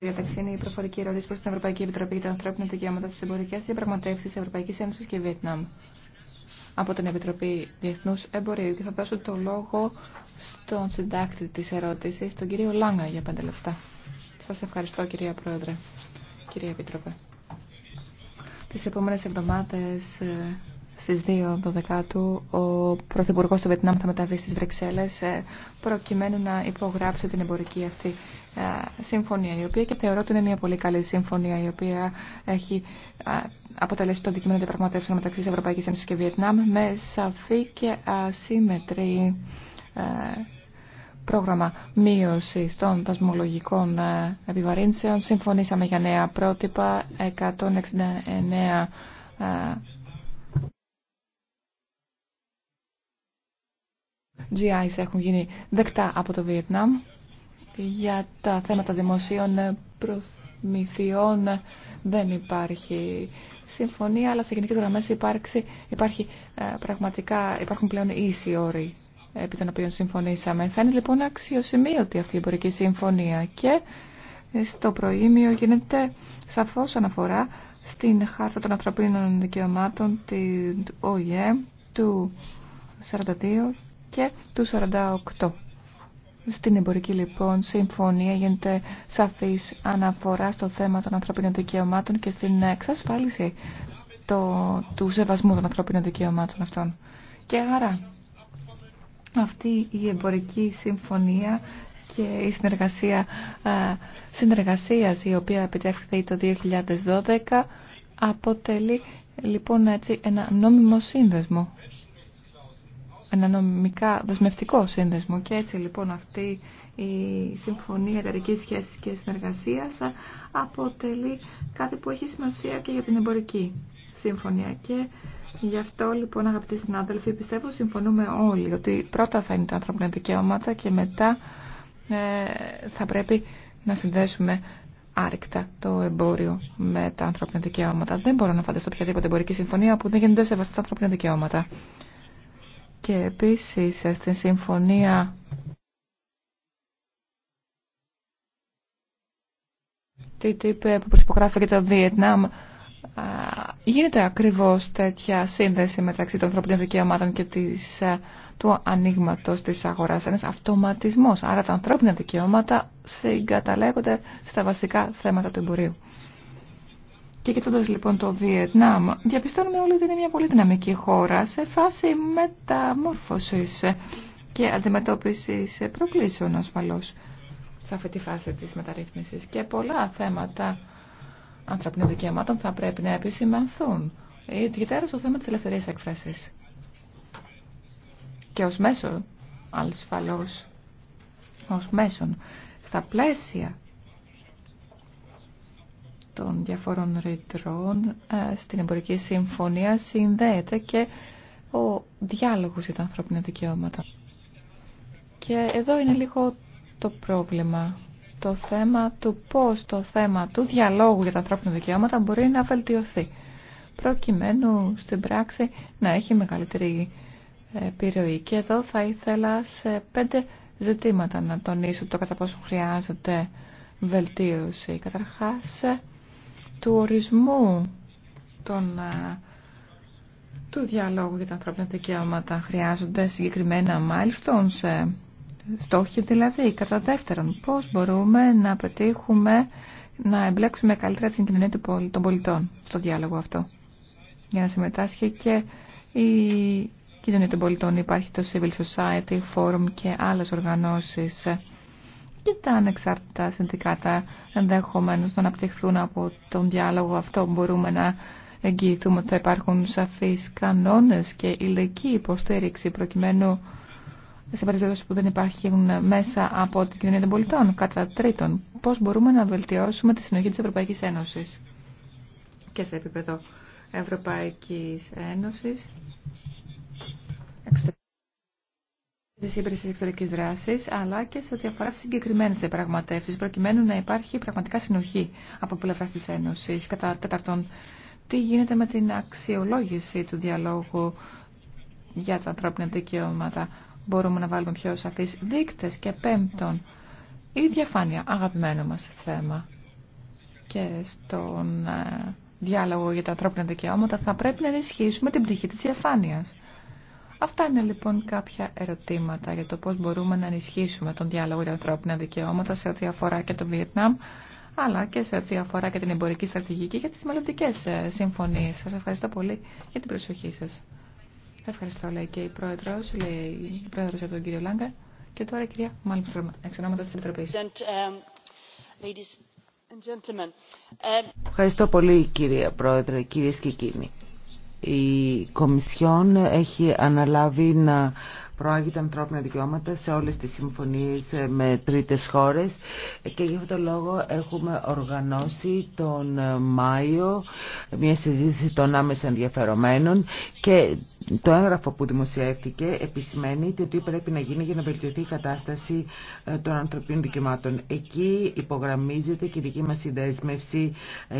διαταξή είναι η προφορική ερώτηση προ την Ευρωπαϊκή Επιτροπή για τα ανθρώπινα δικαιώματα στι εμπορικέ διαπραγματεύσει Ευρωπαϊκή Ένωση και Βιετνάμ. Από την Επιτροπή Διεθνού Εμπορίου και θα δώσω το λόγο στον συντάκτη τη ερώτηση, τον κύριο Λάγκα, για πέντε λεπτά. Σα ευχαριστώ, κυρία Πρόεδρε, κυρία Επιτροπέ. Τι επόμενε εβδομάδε ε, στις του ο Πρωθυπουργό του Βιετνάμ θα μεταβεί στις Βρυξέλλες ε, προκειμένου να υπογράψει την εμπορική αυτή ε, συμφωνία η οποία και θεωρώ ότι είναι μια πολύ καλή συμφωνία η οποία έχει ε, αποτελέσει το αντικείμενο διαπραγματεύσεων μεταξύ της Ευρωπαϊκής Ένωσης και Βιετνάμ με σαφή και ασύμετρη πρόγραμμα μείωση των δασμολογικών επιβαρύνσεων. Συμφωνήσαμε για νέα πρότυπα, 169 GIs έχουν γίνει δεκτά από το Βιετνάμ για τα θέματα δημοσίων προμηθειών δεν υπάρχει συμφωνία, αλλά σε γενικές γραμμές υπάρξει, υπάρχει, ε, πραγματικά, υπάρχουν πλέον ίσοι όροι επί των οποίων συμφωνήσαμε. Θα είναι λοιπόν αξιοσημείωτη αυτή η εμπορική συμφωνία και στο προήμιο γίνεται σαφώς αναφορά στην Χάρτα των Ανθρωπίνων Δικαιωμάτων του ΟΗΕ του 42 και του 48. Στην εμπορική λοιπόν συμφωνία γίνεται σαφής αναφορά στο θέμα των ανθρωπίνων δικαιωμάτων και στην εξασφάλιση το, του σεβασμού των ανθρωπίνων δικαιωμάτων αυτών. Και άρα αυτή η εμπορική συμφωνία και η συνεργασία ε, συνεργασίας η οποία επιτεύχθη το 2012 αποτελεί λοιπόν έτσι ένα νόμιμο σύνδεσμο ένα νομικά δεσμευτικό σύνδεσμο. Και έτσι λοιπόν αυτή η Συμφωνία Εταιρική Σχέση και Συνεργασία αποτελεί κάτι που έχει σημασία και για την εμπορική συμφωνία. Και γι' αυτό λοιπόν αγαπητοί συνάδελφοι πιστεύω συμφωνούμε όλοι ότι πρώτα θα είναι τα ανθρώπινα δικαιώματα και μετά ε, θα πρέπει να συνδέσουμε άρρηκτα το εμπόριο με τα ανθρώπινα δικαιώματα. Δεν μπορώ να φανταστώ οποιαδήποτε εμπορική συμφωνία που δεν γίνονται σεβαστά τα ανθρώπινα δικαιώματα και επίσης ε, στην συμφωνία τι που προσπογράφει και το Βιετνάμ ε, γίνεται ακριβώς τέτοια σύνδεση μεταξύ των ανθρωπίνων δικαιωμάτων και της, ε, του ανοίγματο της αγοράς. Ένας αυτοματισμός. Άρα τα ανθρώπινα δικαιώματα συγκαταλέγονται στα βασικά θέματα του εμπορίου. Και κοιτώντα λοιπόν το Βιετνάμ, διαπιστώνουμε όλοι ότι είναι μια πολύ δυναμική χώρα σε φάση μεταμόρφωση και αντιμετώπιση προκλήσεων ασφαλώς σε αυτή τη φάση της μεταρρύθμισης. Και πολλά θέματα ανθρωπινών δικαιωμάτων θα πρέπει να επισημανθούν, ιδιαίτερα στο θέμα τη ελευθερία έκφραση. Και ω μέσο, ασφαλώ, ω μέσον, στα πλαίσια των διαφόρων ρητρών ε, στην εμπορική συμφωνία συνδέεται και ο διάλογος για τα ανθρώπινα δικαιώματα. Και εδώ είναι λίγο το πρόβλημα. Το θέμα του πώς το θέμα του διαλόγου για τα ανθρώπινα δικαιώματα μπορεί να βελτιωθεί προκειμένου στην πράξη να έχει μεγαλύτερη ε, επιρροή. Και εδώ θα ήθελα σε πέντε ζητήματα να τονίσω το κατά πόσο χρειάζεται βελτίωση. Καταρχάς, ε, του ορισμού των, ε, του διαλόγου για τα ανθρώπινα δικαιώματα. Χρειάζονται συγκεκριμένα milestones, ε, στόχοι δηλαδή. Κατά δεύτερον, πώς μπορούμε να πετύχουμε να εμπλέξουμε καλύτερα την κοινωνία των πολιτών στο διάλογο αυτό. Για να συμμετάσχει και η κοινωνία των πολιτών υπάρχει το Civil Society Forum και άλλες οργανώσεις και τα ανεξάρτητα συνδικάτα ενδεχομένω να αναπτυχθούν από τον διάλογο αυτό. Μπορούμε να εγγυηθούμε ότι θα υπάρχουν σαφείς κανόνες και ηλική υποστήριξη προκειμένου σε περίπτωση που δεν υπάρχουν μέσα από την κοινωνία των πολιτών. Κατά τρίτον, πώς μπορούμε να βελτιώσουμε τη συνοχή της Ευρωπαϊκής Ένωσης και σε επίπεδο Ευρωπαϊκής Ένωσης τις υπηρεσίες εξωτερικής δράση, αλλά και σε ό,τι αφορά συγκεκριμένε συγκεκριμένες προκειμένου να υπάρχει πραγματικά συνοχή από πλευρά της Ένωσης. Κατά τέταρτον, τι γίνεται με την αξιολόγηση του διαλόγου για τα ανθρώπινα δικαιώματα. Μπορούμε να βάλουμε πιο σαφείς δείκτες και πέμπτον, η διαφάνεια, αγαπημένο μας θέμα. Και στον ε, διάλογο για τα ανθρώπινα δικαιώματα θα πρέπει να ενισχύσουμε την πτυχή της διαφάνειας. Αυτά είναι λοιπόν κάποια ερωτήματα για το πώς μπορούμε να ενισχύσουμε τον διάλογο για ανθρώπινα δικαιώματα σε ό,τι αφορά και το Βιετνάμ, αλλά και σε ό,τι αφορά και την εμπορική στρατηγική και τις μελλοντικέ ε, συμφωνίες. Σας ευχαριστώ πολύ για την προσοχή σας. Ευχαριστώ, λέει και η Πρόεδρος, λέει η Πρόεδρος από τον κύριο Λάγκα. Και τώρα η κυρία Μάλμστρομ, εξ ονόματος της Επιτροπής. Ε, ευχαριστώ πολύ κύριε Πρόεδρε, κύριε και κύριοι η Κομισιόν έχει αναλάβει να προάγει ανθρώπινα δικαιώματα σε όλες τις συμφωνίες ε, με τρίτες χώρες και γι' αυτό το λόγο έχουμε οργανώσει τον ε, Μάιο μια συζήτηση των άμεσα ενδιαφερομένων και το έγγραφο που δημοσιεύτηκε επισημαίνει ότι πρέπει να γίνει για να βελτιωθεί η κατάσταση ε, των ανθρωπίνων δικαιωμάτων. Εκεί υπογραμμίζεται και η δική μας συνδέσμευση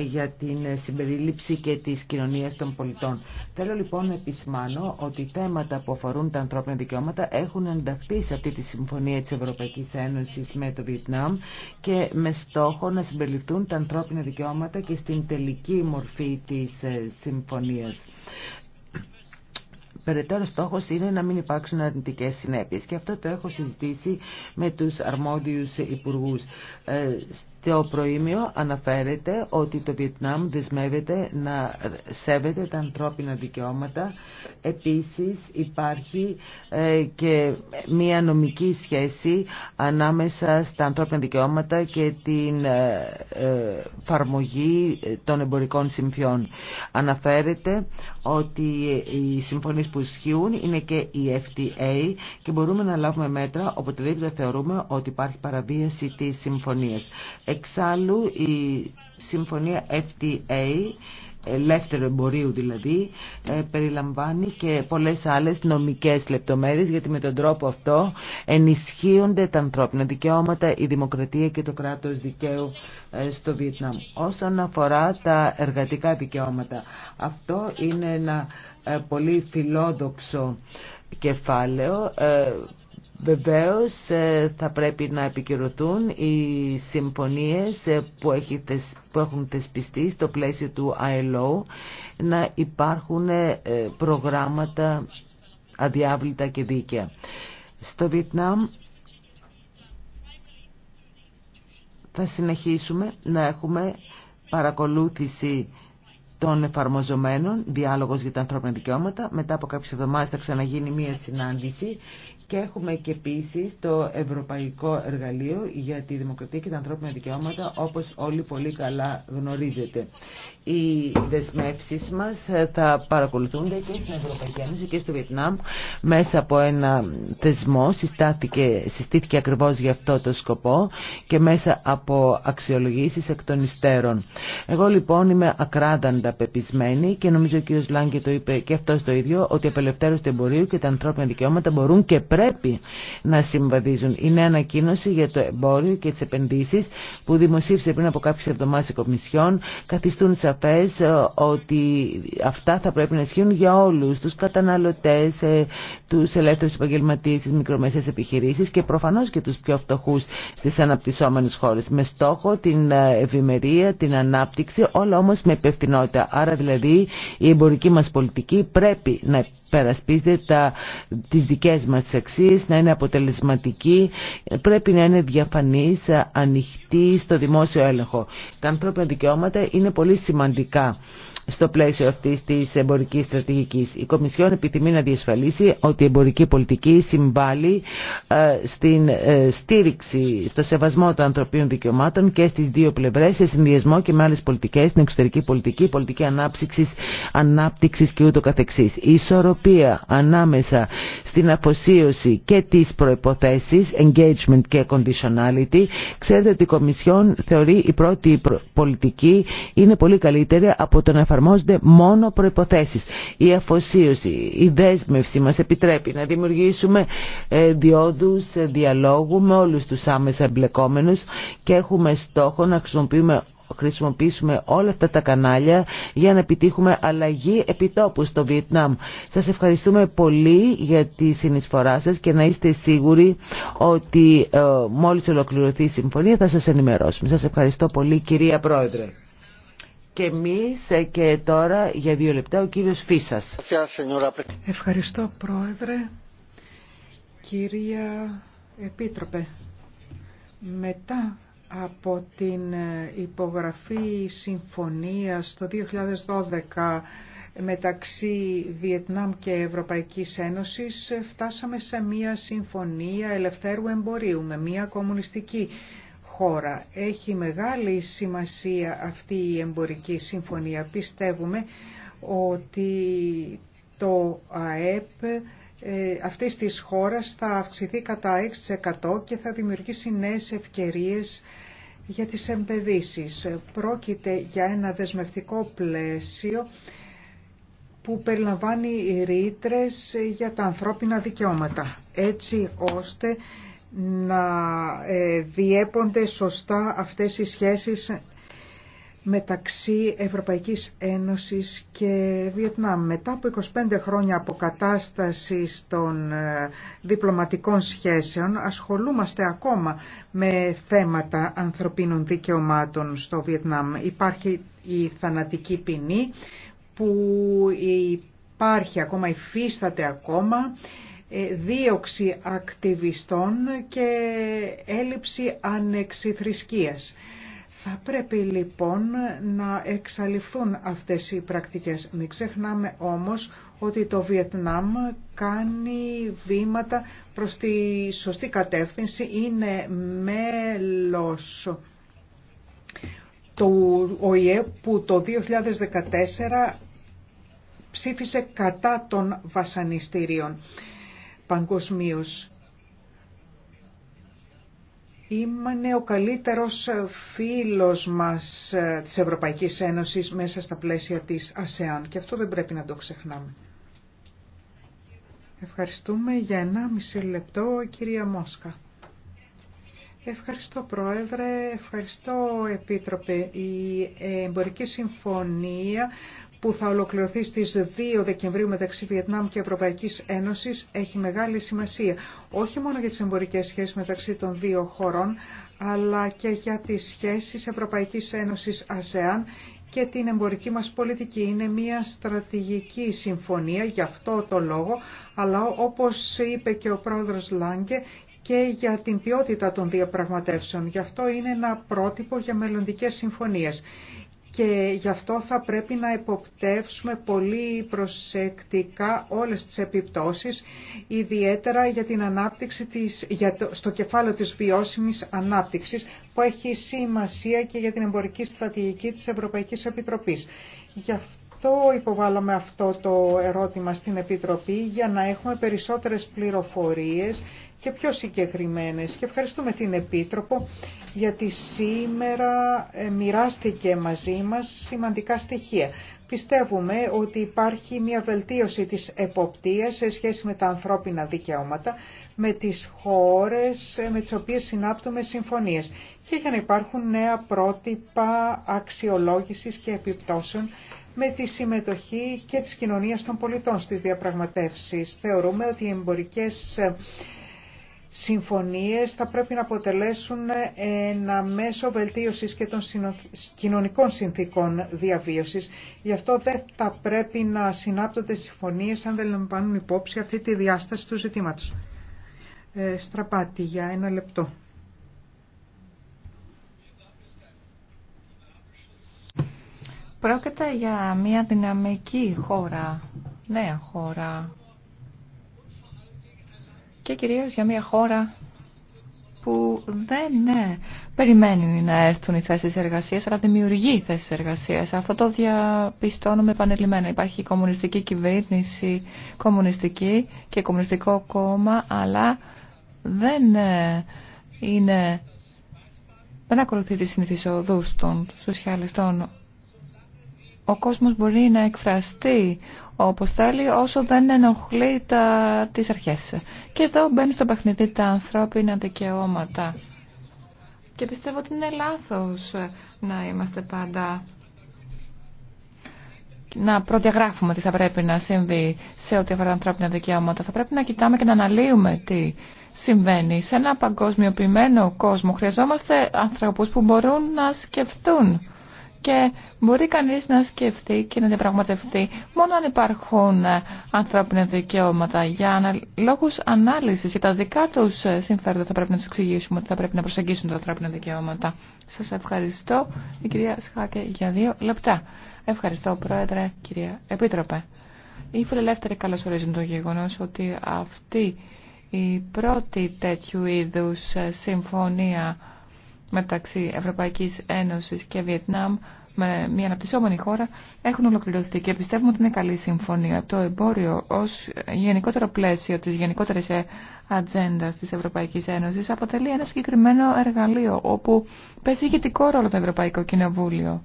για την συμπερίληψη και της κοινωνίας των πολιτών. Θέλω λοιπόν να επισημάνω ότι θέματα που αφορούν τα ανθρώπινα δικαιώματα έχουν ενταχθεί σε αυτή τη συμφωνία της Ευρωπαϊκής Ένωσης με το Βιετνάμ και με στόχο να συμπεριληφθούν τα ανθρώπινα δικαιώματα και στην τελική μορφή της ε, συμφωνίας. Περαιτέρω στόχος είναι να μην υπάρξουν αρνητικές συνέπειες και αυτό το έχω συζητήσει με τους αρμόδιους υπουργούς. Ε, στο προήμιο αναφέρεται ότι το Βιετνάμ δεσμεύεται να σέβεται τα ανθρώπινα δικαιώματα. Επίσης υπάρχει ε, και μία νομική σχέση ανάμεσα στα ανθρώπινα δικαιώματα και την ε, ε, φαρμογή των εμπορικών συμφιών. Αναφέρεται ότι οι συμφωνίε που ισχύουν είναι και η FTA και μπορούμε να λάβουμε μέτρα οποτεδήποτε θεωρούμε ότι υπάρχει παραβίαση της συμφωνίας. Εξάλλου η συμφωνία FTA ελεύθερο εμπορίου δηλαδή, ε, περιλαμβάνει και πολλές άλλες νομικές λεπτομέρειες, γιατί με τον τρόπο αυτό ενισχύονται τα ανθρώπινα δικαιώματα, η δημοκρατία και το κράτος δικαίου ε, στο Βιετνάμ. Όσον αφορά τα εργατικά δικαιώματα, αυτό είναι ένα ε, πολύ φιλόδοξο κεφάλαιο Βεβαίως ε, θα πρέπει να επικυρωθούν οι συμφωνίες ε, που, που έχουν θεσπιστεί στο πλαίσιο του ILO να υπάρχουν ε, προγράμματα αδιάβλητα και δίκαια. Στο Βιετνάμ θα συνεχίσουμε να έχουμε παρακολούθηση των εφαρμοζομένων, διάλογος για τα ανθρώπινα δικαιώματα. Μετά από κάποιες εβδομάδες θα ξαναγίνει μία συνάντηση και έχουμε και επίση το Ευρωπαϊκό Εργαλείο για τη Δημοκρατία και τα Ανθρώπινα Δικαιώματα, όπω όλοι πολύ καλά γνωρίζετε. Οι δεσμεύσει μα θα παρακολουθούνται και στην Ευρωπαϊκή Ένωση και στο Βιετνάμ μέσα από ένα θεσμό. Συστάθηκε, συστήθηκε ακριβώ για αυτό το σκοπό και μέσα από αξιολογήσει εκ των υστέρων. Εγώ λοιπόν είμαι ακράδαντα πεπισμένη και νομίζω ο κ. Λάγκε το είπε και αυτό το ίδιο, ότι η απελευθέρωση του εμπορίου και τα ανθρώπινα δικαιώματα μπορούν και πρέπει να συμβαδίζουν. Είναι ανακοίνωση για το εμπόριο και τι επενδύσει που δημοσίευσε πριν από κάποιε εβδομάδε η Κομισιόν καθιστούν σαφέ ε, ότι αυτά θα πρέπει να ισχύουν για όλου, του καταναλωτέ, ε, του ελεύθερου επαγγελματίε, τι μικρομεσαίες επιχειρήσει και προφανώ και του πιο φτωχού στι αναπτυσσόμενες χώρε. με στόχο την ε, ευημερία, την ανάπτυξη, όλα όμω με υπευθυνότητα. Άρα δηλαδή η εμπορική μα πολιτική πρέπει να περασπίζεται τι δικέ μα μας αξίες, να είναι αποτελεσματική, πρέπει να είναι διαφανής, ανοιχτή στο δημόσιο έλεγχο. Τα ανθρώπινα δικαιώματα είναι πολύ σημαντικά στο πλαίσιο αυτή τη εμπορική στρατηγική. Η Κομισιόν επιθυμεί να διασφαλίσει ότι η εμπορική πολιτική συμβάλλει ε, στην ε, στήριξη, στο σεβασμό των ανθρωπίνων δικαιωμάτων και στι δύο πλευρέ, σε συνδυασμό και με άλλε πολιτικέ, στην εξωτερική πολιτική, πολιτική ανάπτυξης, ανάπτυξης και ούτω Η ισορροπία ανάμεσα στην αφοσίωση και τι προποθέσει engagement και conditionality, ξέρετε ότι η Κομισιόν θεωρεί η πρώτη πολιτική είναι πολύ καλύτερη από τον εφαρμόζονται μόνο προϋποθέσεις. Η αφοσίωση, η δέσμευση μας επιτρέπει να δημιουργήσουμε ε, διόδους ε, διαλόγου με όλους τους άμεσα εμπλεκόμενους και έχουμε στόχο να χρησιμοποιήσουμε όλα αυτά τα κανάλια για να επιτύχουμε αλλαγή επιτόπου στο Βιετνάμ. Σας ευχαριστούμε πολύ για τη συνεισφορά σας και να είστε σίγουροι ότι ε, μόλις ολοκληρωθεί η συμφωνία θα σας ενημερώσουμε. Σας ευχαριστώ πολύ κυρία Πρόεδρε και εμείς ε, και τώρα για δύο λεπτά ο κύριος Φίσας. Ευχαριστώ πρόεδρε. Κυρία Επίτροπε, μετά από την ε, υπογραφή συμφωνίας το 2012 μεταξύ Βιετνάμ και Ευρωπαϊκής Ένωσης φτάσαμε σε μια συμφωνία ελευθέρου εμπορίου με μια κομμουνιστική χώρα. Έχει μεγάλη σημασία αυτή η εμπορική συμφωνία. Πιστεύουμε ότι το ΑΕΠ ε, αυτής της χώρας θα αυξηθεί κατά 6% και θα δημιουργήσει νέες ευκαιρίες για τις εμπεδίσεις. Πρόκειται για ένα δεσμευτικό πλαίσιο που περιλαμβάνει ρήτρε για τα ανθρώπινα δικαιώματα, έτσι ώστε να ε, διέπονται σωστά αυτές οι σχέσεις μεταξύ Ευρωπαϊκής Ένωσης και Βιετνάμ. Μετά από 25 χρόνια αποκατάστασης των ε, διπλωματικών σχέσεων ασχολούμαστε ακόμα με θέματα ανθρωπίνων δικαιωμάτων στο Βιετνάμ. Υπάρχει η θανατική ποινή που υπάρχει ακόμα, υφίσταται ακόμα ε, δίωξη ακτιβιστών και έλλειψη ανεξιθρησκείας. Θα πρέπει λοιπόν να εξαλειφθούν αυτές οι πρακτικές. Μην ξεχνάμε όμως ότι το Βιετνάμ κάνει βήματα προς τη σωστή κατεύθυνση, είναι μέλος του ΟΗΕ που το 2014 ψήφισε κατά των βασανιστήριων παγκοσμίω. Είμαι ο καλύτερος φίλος μας ε, της Ευρωπαϊκής Ένωσης μέσα στα πλαίσια της ΑΣΕΑΝ και αυτό δεν πρέπει να το ξεχνάμε. Ευχαριστούμε για ένα μισή λεπτό κυρία Μόσκα. Ευχαριστώ Πρόεδρε, ευχαριστώ Επίτροπε. Η εμπορική συμφωνία που θα ολοκληρωθεί στις 2 Δεκεμβρίου μεταξύ Βιετνάμ και Ευρωπαϊκής Ένωσης έχει μεγάλη σημασία. Όχι μόνο για τις εμπορικές σχέσεις μεταξύ των δύο χωρών, αλλά και για τις σχέσεις Ευρωπαϊκής Ένωσης ΑΣΕΑΝ και την εμπορική μας πολιτική. Είναι μια στρατηγική συμφωνία, γι' αυτό το λόγο, αλλά όπως είπε και ο πρόεδρος Λάγκε, και για την ποιότητα των διαπραγματεύσεων. Γι' αυτό είναι ένα πρότυπο για μελλοντικές συμφωνίες και γι' αυτό θα πρέπει να εποπτεύσουμε πολύ προσεκτικά όλες τις επιπτώσεις, ιδιαίτερα για την ανάπτυξη της, για το, στο κεφάλαιο της βιώσιμης ανάπτυξης, που έχει σημασία και για την εμπορική στρατηγική της Ευρωπαϊκής Επιτροπής. Γι' αυτό υποβάλαμε αυτό το ερώτημα στην Επιτροπή για να έχουμε περισσότερες πληροφορίες και πιο συγκεκριμένες. Και ευχαριστούμε την Επίτροπο γιατί σήμερα ε, μοιράστηκε μαζί μας σημαντικά στοιχεία. Πιστεύουμε ότι υπάρχει μια βελτίωση της εποπτείας σε σχέση με τα ανθρώπινα δικαιώματα, με τις χώρες ε, με τις οποίες συνάπτουμε συμφωνίες και για να υπάρχουν νέα πρότυπα αξιολόγησης και επιπτώσεων με τη συμμετοχή και της κοινωνίας των πολιτών στις διαπραγματεύσεις. Θεωρούμε ότι οι εμπορικές ε, συμφωνίες θα πρέπει να αποτελέσουν ένα μέσο βελτίωσης και των κοινωνικών συνθήκων διαβίωσης. Γι' αυτό δεν θα πρέπει να συνάπτονται συμφωνίες αν δεν λαμβάνουν υπόψη αυτή τη διάσταση του ζητήματος. Ε, στραπάτη για ένα λεπτό. Πρόκειται για μια δυναμική χώρα, νέα χώρα, και κυρίως για μια χώρα που δεν ναι, περιμένει να έρθουν οι θέσεις εργασίας, αλλά δημιουργεί θέσεις εργασίας. Αυτό το διαπιστώνουμε επανελειμμένα. Υπάρχει κομμουνιστική κυβέρνηση, κομμουνιστική και κομμουνιστικό κόμμα, αλλά δεν ε, είναι... Δεν ακολουθεί τις συνθήσεις οδούς των σοσιαλιστών ο κόσμος μπορεί να εκφραστεί όπως θέλει όσο δεν ενοχλεί τα, τις αρχές. Και εδώ μπαίνει στο παιχνιδί τα ανθρώπινα δικαιώματα. Και πιστεύω ότι είναι λάθος να είμαστε πάντα να προδιαγράφουμε τι θα πρέπει να συμβεί σε ό,τι αφορά τα ανθρώπινα δικαιώματα. Θα πρέπει να κοιτάμε και να αναλύουμε τι συμβαίνει. Σε ένα παγκοσμιοποιημένο κόσμο χρειαζόμαστε ανθρώπους που μπορούν να σκεφτούν και μπορεί κανείς να σκεφτεί και να διαπραγματευτεί μόνο αν υπάρχουν ε, ανθρώπινα δικαιώματα για λόγους ανάλυσης για τα δικά τους ε, συμφέροντα θα πρέπει να τους εξηγήσουμε ότι θα πρέπει να προσεγγίσουν τα ανθρώπινα δικαιώματα. Σας ευχαριστώ η κυρία Σχάκε για δύο λεπτά. Ευχαριστώ Πρόεδρε, κυρία Επίτροπε. Οι φιλελεύθεροι καλωσορίζουν το γεγονός ότι αυτή η πρώτη τέτοιου είδους ε, συμφωνία μεταξύ Ευρωπαϊκής Ένωσης και Βιετνάμ με μια αναπτυσσόμενη χώρα έχουν ολοκληρωθεί και πιστεύουμε ότι είναι καλή συμφωνία. Το εμπόριο ως γενικότερο πλαίσιο της γενικότερη ατζέντα τη Ευρωπαϊκή Ένωση αποτελεί ένα συγκεκριμένο εργαλείο όπου παίζει ηγετικό ρόλο το Ευρωπαϊκό Κοινοβούλιο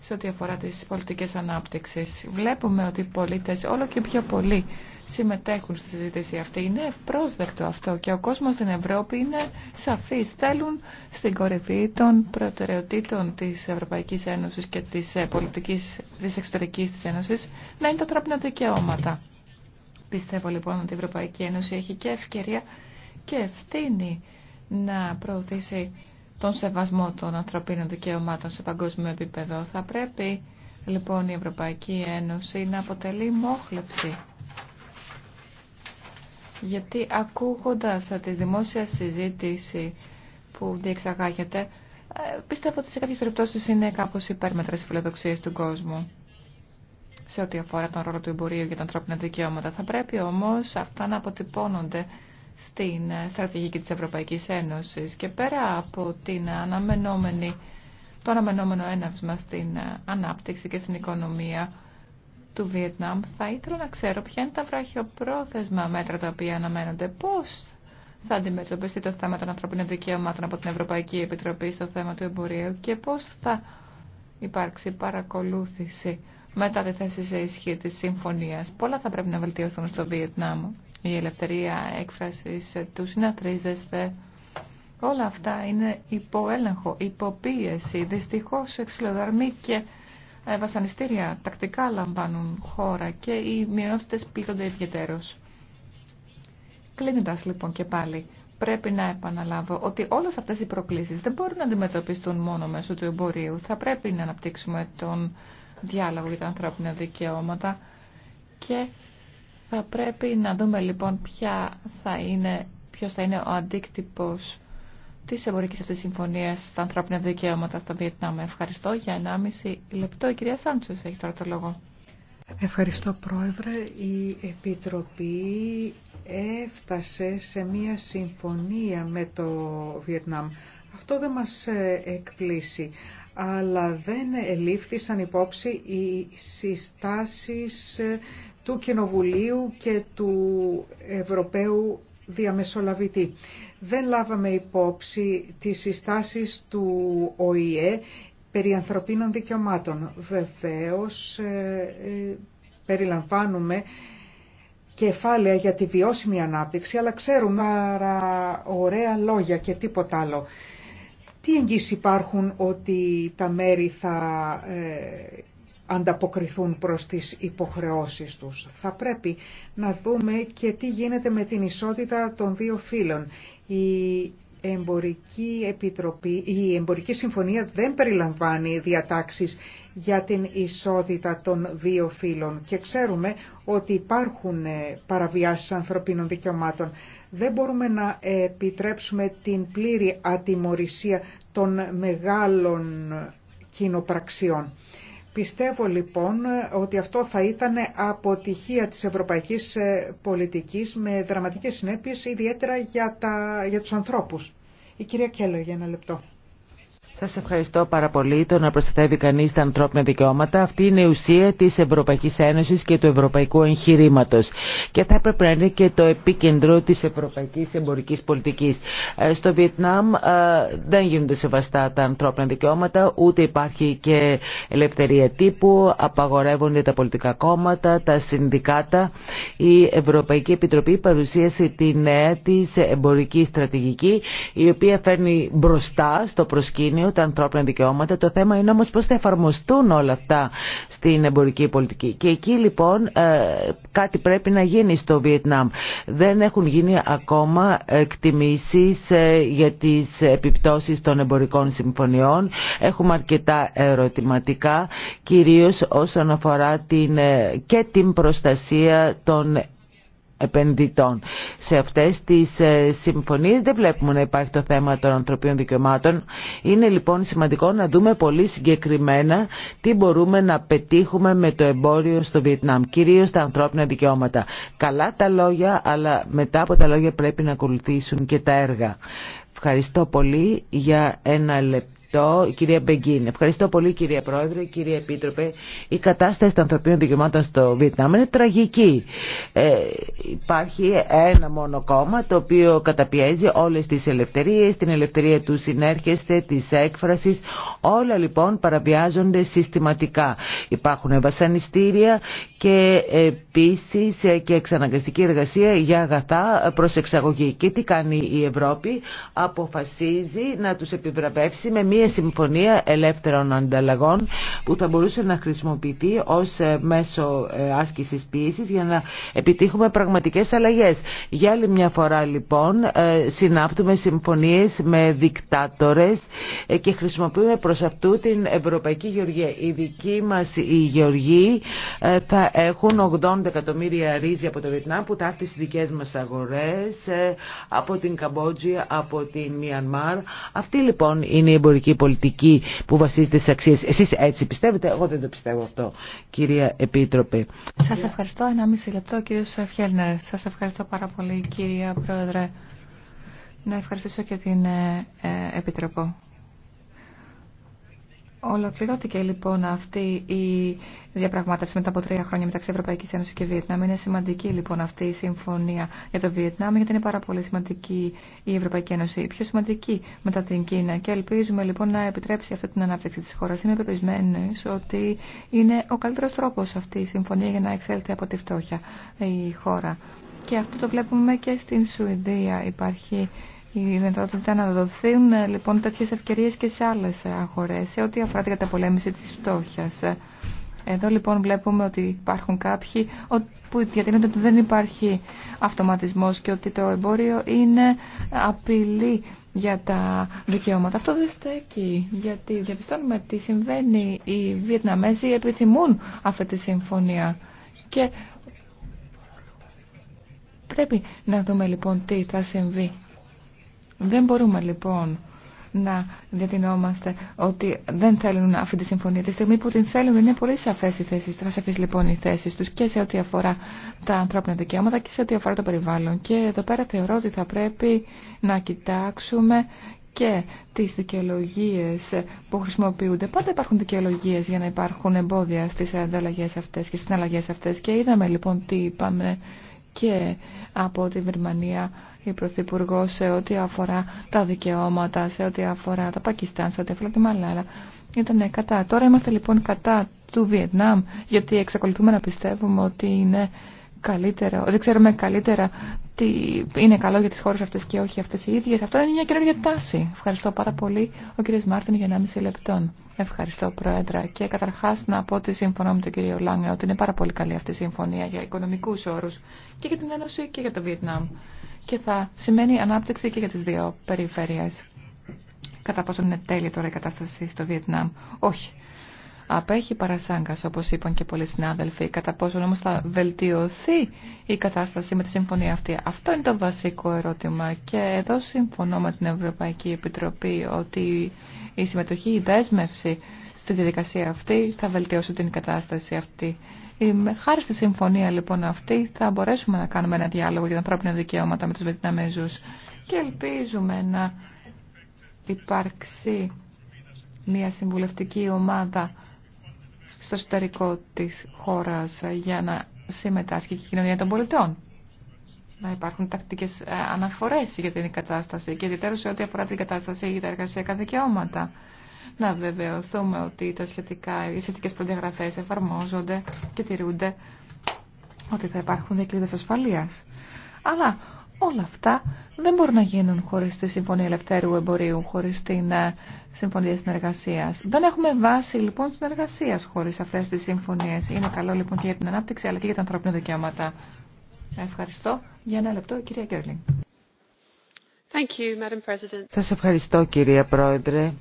σε ό,τι αφορά τις πολιτικές ανάπτυξης. Βλέπουμε ότι οι πολίτες όλο και πιο πολλοί συμμετέχουν στη συζήτηση αυτή. Είναι ευπρόσδεκτο αυτό και ο κόσμος στην Ευρώπη είναι σαφής. Θέλουν στην κορυφή των προτεραιοτήτων της Ευρωπαϊκής Ένωσης και της ε, πολιτικής της εξωτερικής της Ένωσης να είναι τα τρόπινα δικαιώματα. Πιστεύω λοιπόν ότι η Ευρωπαϊκή Ένωση έχει και ευκαιρία και ευθύνη να προωθήσει τον σεβασμό των ανθρωπίνων δικαιωμάτων σε παγκόσμιο επίπεδο. Θα πρέπει λοιπόν η Ευρωπαϊκή Ένωση να αποτελεί μόχλευση. Γιατί ακούγοντας τη δημόσια συζήτηση που διεξαγάγεται, ε, πιστεύω ότι σε κάποιες περιπτώσεις είναι κάπως υπέρμετρες οι φιλοδοξίες του κόσμου σε ό,τι αφορά τον ρόλο του εμπορίου για τα ανθρώπινα δικαιώματα. Θα πρέπει όμως αυτά να αποτυπώνονται στην ε, στρατηγική της Ευρωπαϊκής Ένωσης και πέρα από την αναμενόμενη, το αναμενόμενο έναυσμα στην ε, ανάπτυξη και στην οικονομία του Βιετνάμ, θα ήθελα να ξέρω ποια είναι τα βραχιοπρόθεσμα μέτρα τα οποία αναμένονται. Πώς θα αντιμετωπιστεί το θέμα των ανθρωπίνων δικαιωμάτων από την Ευρωπαϊκή Επιτροπή στο θέμα του εμπορίου και πώς θα υπάρξει παρακολούθηση μετά τη θέση σε ισχύ της συμφωνίας. Πολλά θα πρέπει να βελτιωθούν στο Βιετνάμ η ελευθερία έκφρασης του συναθρίζεσθε. Όλα αυτά είναι υπό έλεγχο, υπό πίεση. Δυστυχώς εξυλοδαρμοί και ε, βασανιστήρια τακτικά λαμβάνουν χώρα και οι μειονότητες πλήττονται ιδιαιτέρως. Κλείνοντας λοιπόν και πάλι, πρέπει να επαναλάβω ότι όλες αυτές οι προκλήσεις δεν μπορούν να αντιμετωπιστούν μόνο μέσω του εμπορίου. Θα πρέπει να αναπτύξουμε τον διάλογο για τα ανθρώπινα δικαιώματα και θα πρέπει να δούμε λοιπόν ποια θα είναι, ποιος θα είναι ο αντίκτυπος της εμπορικής αυτής συμφωνίας στα ανθρώπινα δικαιώματα στο Βιετνάμ. Ευχαριστώ για 1,5 λεπτό. Η κυρία Σάντσος έχει τώρα το λόγο. Ευχαριστώ Πρόεδρε. Η Επιτροπή έφτασε σε μία συμφωνία με το Βιετνάμ. Αυτό δεν μας ε, εκπλήσει, αλλά δεν ελήφθησαν υπόψη οι συστάσεις ε, του Κοινοβουλίου και του Ευρωπαίου Διαμεσολαβητή. Δεν λάβαμε υπόψη τις συστάσεις του ΟΗΕ περί ανθρωπίνων δικαιωμάτων. Βεβαίως ε, ε, περιλαμβάνουμε κεφάλαια για τη βιώσιμη ανάπτυξη, αλλά ξέρουμε άρα ωραία λόγια και τίποτα άλλο. Τι εγγύσεις υπάρχουν ότι τα μέρη θα ε, ανταποκριθούν προς τις υποχρεώσεις τους. Θα πρέπει να δούμε και τι γίνεται με την ισότητα των δύο φύλων. Η Εμπορική Επιτροπή, η Εμπορική Συμφωνία δεν περιλαμβάνει διατάξεις για την ισότητα των δύο φύλων και ξέρουμε ότι υπάρχουν ε, παραβιάσεις ανθρωπίνων δικαιωμάτων. Δεν μπορούμε να επιτρέψουμε την πλήρη ατιμορρησία των μεγάλων κοινοπραξιών. Πιστεύω λοιπόν ότι αυτό θα ήταν αποτυχία της ευρωπαϊκής ε, πολιτικής με δραματικές συνέπειες ιδιαίτερα για, τα, για τους ανθρώπους. Η κυρία Κέλλερ για ένα λεπτό. Σας ευχαριστώ πάρα πολύ το να προστατεύει κανείς τα ανθρώπινα δικαιώματα. Αυτή είναι η ουσία της Ευρωπαϊκής Ένωσης και του Ευρωπαϊκού εγχειρήματο. Και θα έπρεπε να είναι και το επίκεντρο της Ευρωπαϊκής Εμπορικής Πολιτικής. Ε, στο Βιετνάμ ε, δεν γίνονται σεβαστά τα ανθρώπινα δικαιώματα, ούτε υπάρχει και ελευθερία τύπου, απαγορεύονται τα πολιτικά κόμματα, τα συνδικάτα. Η Ευρωπαϊκή Επιτροπή παρουσίασε τη νέα της εμπορική στρατηγική, η οποία φέρνει μπροστά στο προσκήνιο τα ανθρώπινα δικαιώματα. Το θέμα είναι όμως πώς θα εφαρμοστούν όλα αυτά στην εμπορική πολιτική. Και εκεί λοιπόν ε, κάτι πρέπει να γίνει στο Βιετνάμ. Δεν έχουν γίνει ακόμα εκτιμήσεις ε, για τις επιπτώσεις των εμπορικών συμφωνιών. Έχουμε αρκετά ερωτηματικά, κυρίως όσον αφορά την, ε, και την προστασία των επενδυτών. Σε αυτές τις ε, συμφωνίες δεν βλέπουμε να υπάρχει το θέμα των ανθρωπίνων δικαιωμάτων. Είναι λοιπόν σημαντικό να δούμε πολύ συγκεκριμένα τι μπορούμε να πετύχουμε με το εμπόριο στο Βιετνάμ, κυρίως τα ανθρώπινα δικαιώματα. Καλά τα λόγια, αλλά μετά από τα λόγια πρέπει να ακολουθήσουν και τα έργα. Ευχαριστώ πολύ για ένα λεπτό Ευχαριστώ, κυρία Μπεγκίν. Ευχαριστώ πολύ, κύριε Πρόεδρε, κύριε Επίτροπε. Η κατάσταση των ανθρωπίνων δικαιωμάτων στο Βιετνάμ είναι τραγική. Ε, υπάρχει ένα μόνο κόμμα το οποίο καταπιέζει όλε τι ελευθερίε, την ελευθερία του συνέρχεστε, τη έκφραση, Όλα λοιπόν παραβιάζονται συστηματικά. Υπάρχουν βασανιστήρια και επίση και εξαναγκαστική εργασία για αγαθά προς εξαγωγή. Και τι κάνει η Ευρώπη, αποφασίζει να τους επιβραβεύσει με μία μια συμφωνία ελεύθερων ανταλλαγών που θα μπορούσε να χρησιμοποιηθεί ως ε, μέσο ε, άσκησης πίεσης για να επιτύχουμε πραγματικές αλλαγές. Για άλλη μια φορά λοιπόν ε, συνάπτουμε συμφωνίες με δικτάτορες και χρησιμοποιούμε προς αυτού την Ευρωπαϊκή Γεωργία. Οι δικοί μας οι Γεωργοί θα έχουν 80 εκατομμύρια ρύζι από το Βιετνάμ που θα έρθει στις δικές μας αγορές από την Καμπότζη, από την Μιανμάρ. Αυτή λοιπόν είναι η εμπορική ευρωπαϊκή πολιτική που βασίζεται σε αξίες. Εσείς έτσι πιστεύετε, εγώ δεν το πιστεύω αυτό, κυρία Επίτροπε. Σας ευχαριστώ. Ένα μισή λεπτό, κύριο Φιέλνερ. Σας ευχαριστώ πάρα πολύ, κυρία Πρόεδρε. Να ευχαριστήσω και την ε, Επίτροπο. Ολοκληρώθηκε λοιπόν αυτή η διαπραγμάτευση μετά από τρία χρόνια μεταξύ Ευρωπαϊκή Ένωση και Βιετνάμ. Είναι σημαντική λοιπόν αυτή η συμφωνία για το Βιετνάμ, γιατί είναι πάρα πολύ σημαντική η Ευρωπαϊκή Ένωση, η πιο σημαντική μετά την Κίνα. Και ελπίζουμε λοιπόν να επιτρέψει αυτή την ανάπτυξη τη χώρα. Είμαι πεπισμένη ότι είναι ο καλύτερο τρόπο αυτή η συμφωνία για να εξέλθει από τη φτώχεια η χώρα. Και αυτό το βλέπουμε και στην Σουηδία. Υπάρχει η δυνατότητα να δοθούν λοιπόν τέτοιες ευκαιρίες και σε άλλες αγορές σε ό,τι αφορά την καταπολέμηση της φτώχειας. Εδώ λοιπόν βλέπουμε ότι υπάρχουν κάποιοι που διατείνονται ότι δεν υπάρχει αυτοματισμός και ότι το εμπόριο είναι απειλή για τα δικαιώματα. Αυτό δεν στέκει, γιατί διαπιστώνουμε τι συμβαίνει. Οι Βιετναμέζοι επιθυμούν αυτή τη συμφωνία και πρέπει να δούμε λοιπόν τι θα συμβεί δεν μπορούμε λοιπόν να διατηνόμαστε ότι δεν θέλουν αυτή τη συμφωνία. Τη στιγμή που την θέλουν είναι πολύ σαφέ οι θέσει. σαφείς λοιπόν οι θέσεις του και σε ό,τι αφορά τα ανθρώπινα δικαιώματα και σε ό,τι αφορά το περιβάλλον. Και εδώ πέρα θεωρώ ότι θα πρέπει να κοιτάξουμε και τις δικαιολογίε που χρησιμοποιούνται. Πάντα υπάρχουν δικαιολογίε για να υπάρχουν εμπόδια στις ανταλλαγές αυτές και στις συναλλαγές αυτές. Και είδαμε λοιπόν τι είπαμε και από τη Βερμανία η Πρωθυπουργό σε ό,τι αφορά τα δικαιώματα, σε ό,τι αφορά το Πακιστάν, σε ό,τι αφορά τη Μαλάλα. Ήταν κατά. Τώρα είμαστε λοιπόν κατά του Βιετνάμ, γιατί εξακολουθούμε να πιστεύουμε ότι είναι καλύτερα, ότι ξέρουμε καλύτερα τι είναι καλό για τις χώρες αυτές και όχι αυτές οι ίδιες. Αυτό είναι μια καινούργια τάση. Ευχαριστώ πάρα πολύ ο κύριος Μάρτιν για 1,5 λεπτών. Ευχαριστώ Πρόεδρα και καταρχάς να πω ότι συμφωνώ με τον κύριο Λάγκα ότι είναι πάρα πολύ καλή αυτή η συμφωνία για οικονομικούς όρους και για την Ένωση και για το Βιετνάμ και θα σημαίνει ανάπτυξη και για τις δύο περιφέρειες. Κατά πόσο είναι τέλεια τώρα η κατάσταση στο Βιετνάμ. Όχι. Απέχει παρασάγκας, όπως είπαν και πολλοί συνάδελφοι. Κατά πόσο όμως θα βελτιωθεί η κατάσταση με τη συμφωνία αυτή. Αυτό είναι το βασικό ερώτημα. Και εδώ συμφωνώ με την Ευρωπαϊκή Επιτροπή ότι η συμμετοχή, η δέσμευση στη διαδικασία αυτή θα βελτιώσει την κατάσταση αυτή. Χάρη στη συμφωνία λοιπόν αυτή θα μπορέσουμε να κάνουμε ένα διάλογο για τα ανθρώπινα δικαιώματα με τους Βετναμέζους και ελπίζουμε να υπάρξει μια συμβουλευτική ομάδα στο εσωτερικό της χώρας για να συμμετάσχει και η κοινωνία των πολιτών. Να υπάρχουν τακτικές ε, αναφορές για την κατάσταση και ιδιαίτερα σε ό,τι αφορά την κατάσταση για τα εργασιακά δικαιώματα να βεβαιωθούμε ότι τα σχετικά, οι σχετικές προδιαγραφές εφαρμόζονται και τηρούνται, ότι θα υπάρχουν δικλείδες ασφαλείας. Αλλά όλα αυτά δεν μπορούν να γίνουν χωρίς τη Συμφωνία Ελευθέρου Εμπορίου, χωρίς την ε, Συμφωνία Συνεργασίας. Δεν έχουμε βάση λοιπόν συνεργασίας χωρίς αυτές τις συμφωνίες. Είναι καλό λοιπόν και για την ανάπτυξη αλλά και για τα ανθρώπινα δικαιώματα. Ευχαριστώ. Για ένα λεπτό, η κυρία Κέρλινγκ. Σα Σας ευχαριστώ κυρία Πρόεδρε.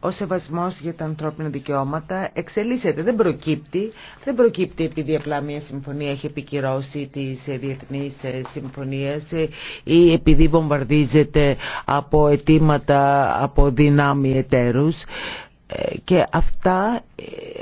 Ο σεβασμός για τα ανθρώπινα δικαιώματα εξελίσσεται, δεν προκύπτει. Δεν προκύπτει επειδή απλά μια συμφωνία έχει επικυρώσει τις ε, διεθνείς ε, συμφωνίες ε, ή επειδή βομβαρδίζεται από αιτήματα από δυνάμει εταίρους. Ε, και αυτά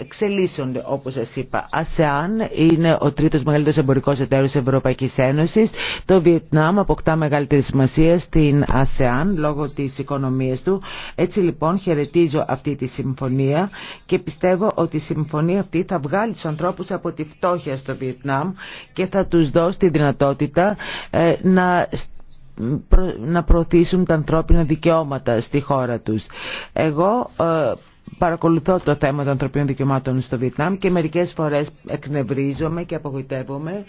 εξελίσσονται όπως σας είπα. ΑΣΕΑΝ είναι ο τρίτος μεγαλύτερος εμπορικός εταίρος Ευρωπαϊκής Ένωσης. Το Βιετνάμ αποκτά μεγαλύτερη σημασία στην ΑΣΕΑΝ λόγω της οικονομίας του. Έτσι λοιπόν χαιρετίζω αυτή τη συμφωνία και πιστεύω ότι η συμφωνία αυτή θα βγάλει τους ανθρώπους από τη φτώχεια στο Βιετνάμ και θα τους δώσει τη δυνατότητα ε, να να προωθήσουν τα ανθρώπινα δικαιώματα στη χώρα τους. Εγώ ε, παρακολουθώ το θέμα των ανθρωπίνων δικαιωμάτων στο Βιετνάμ και μερικές φορές εκνευρίζομαι και απογοητεύομαι.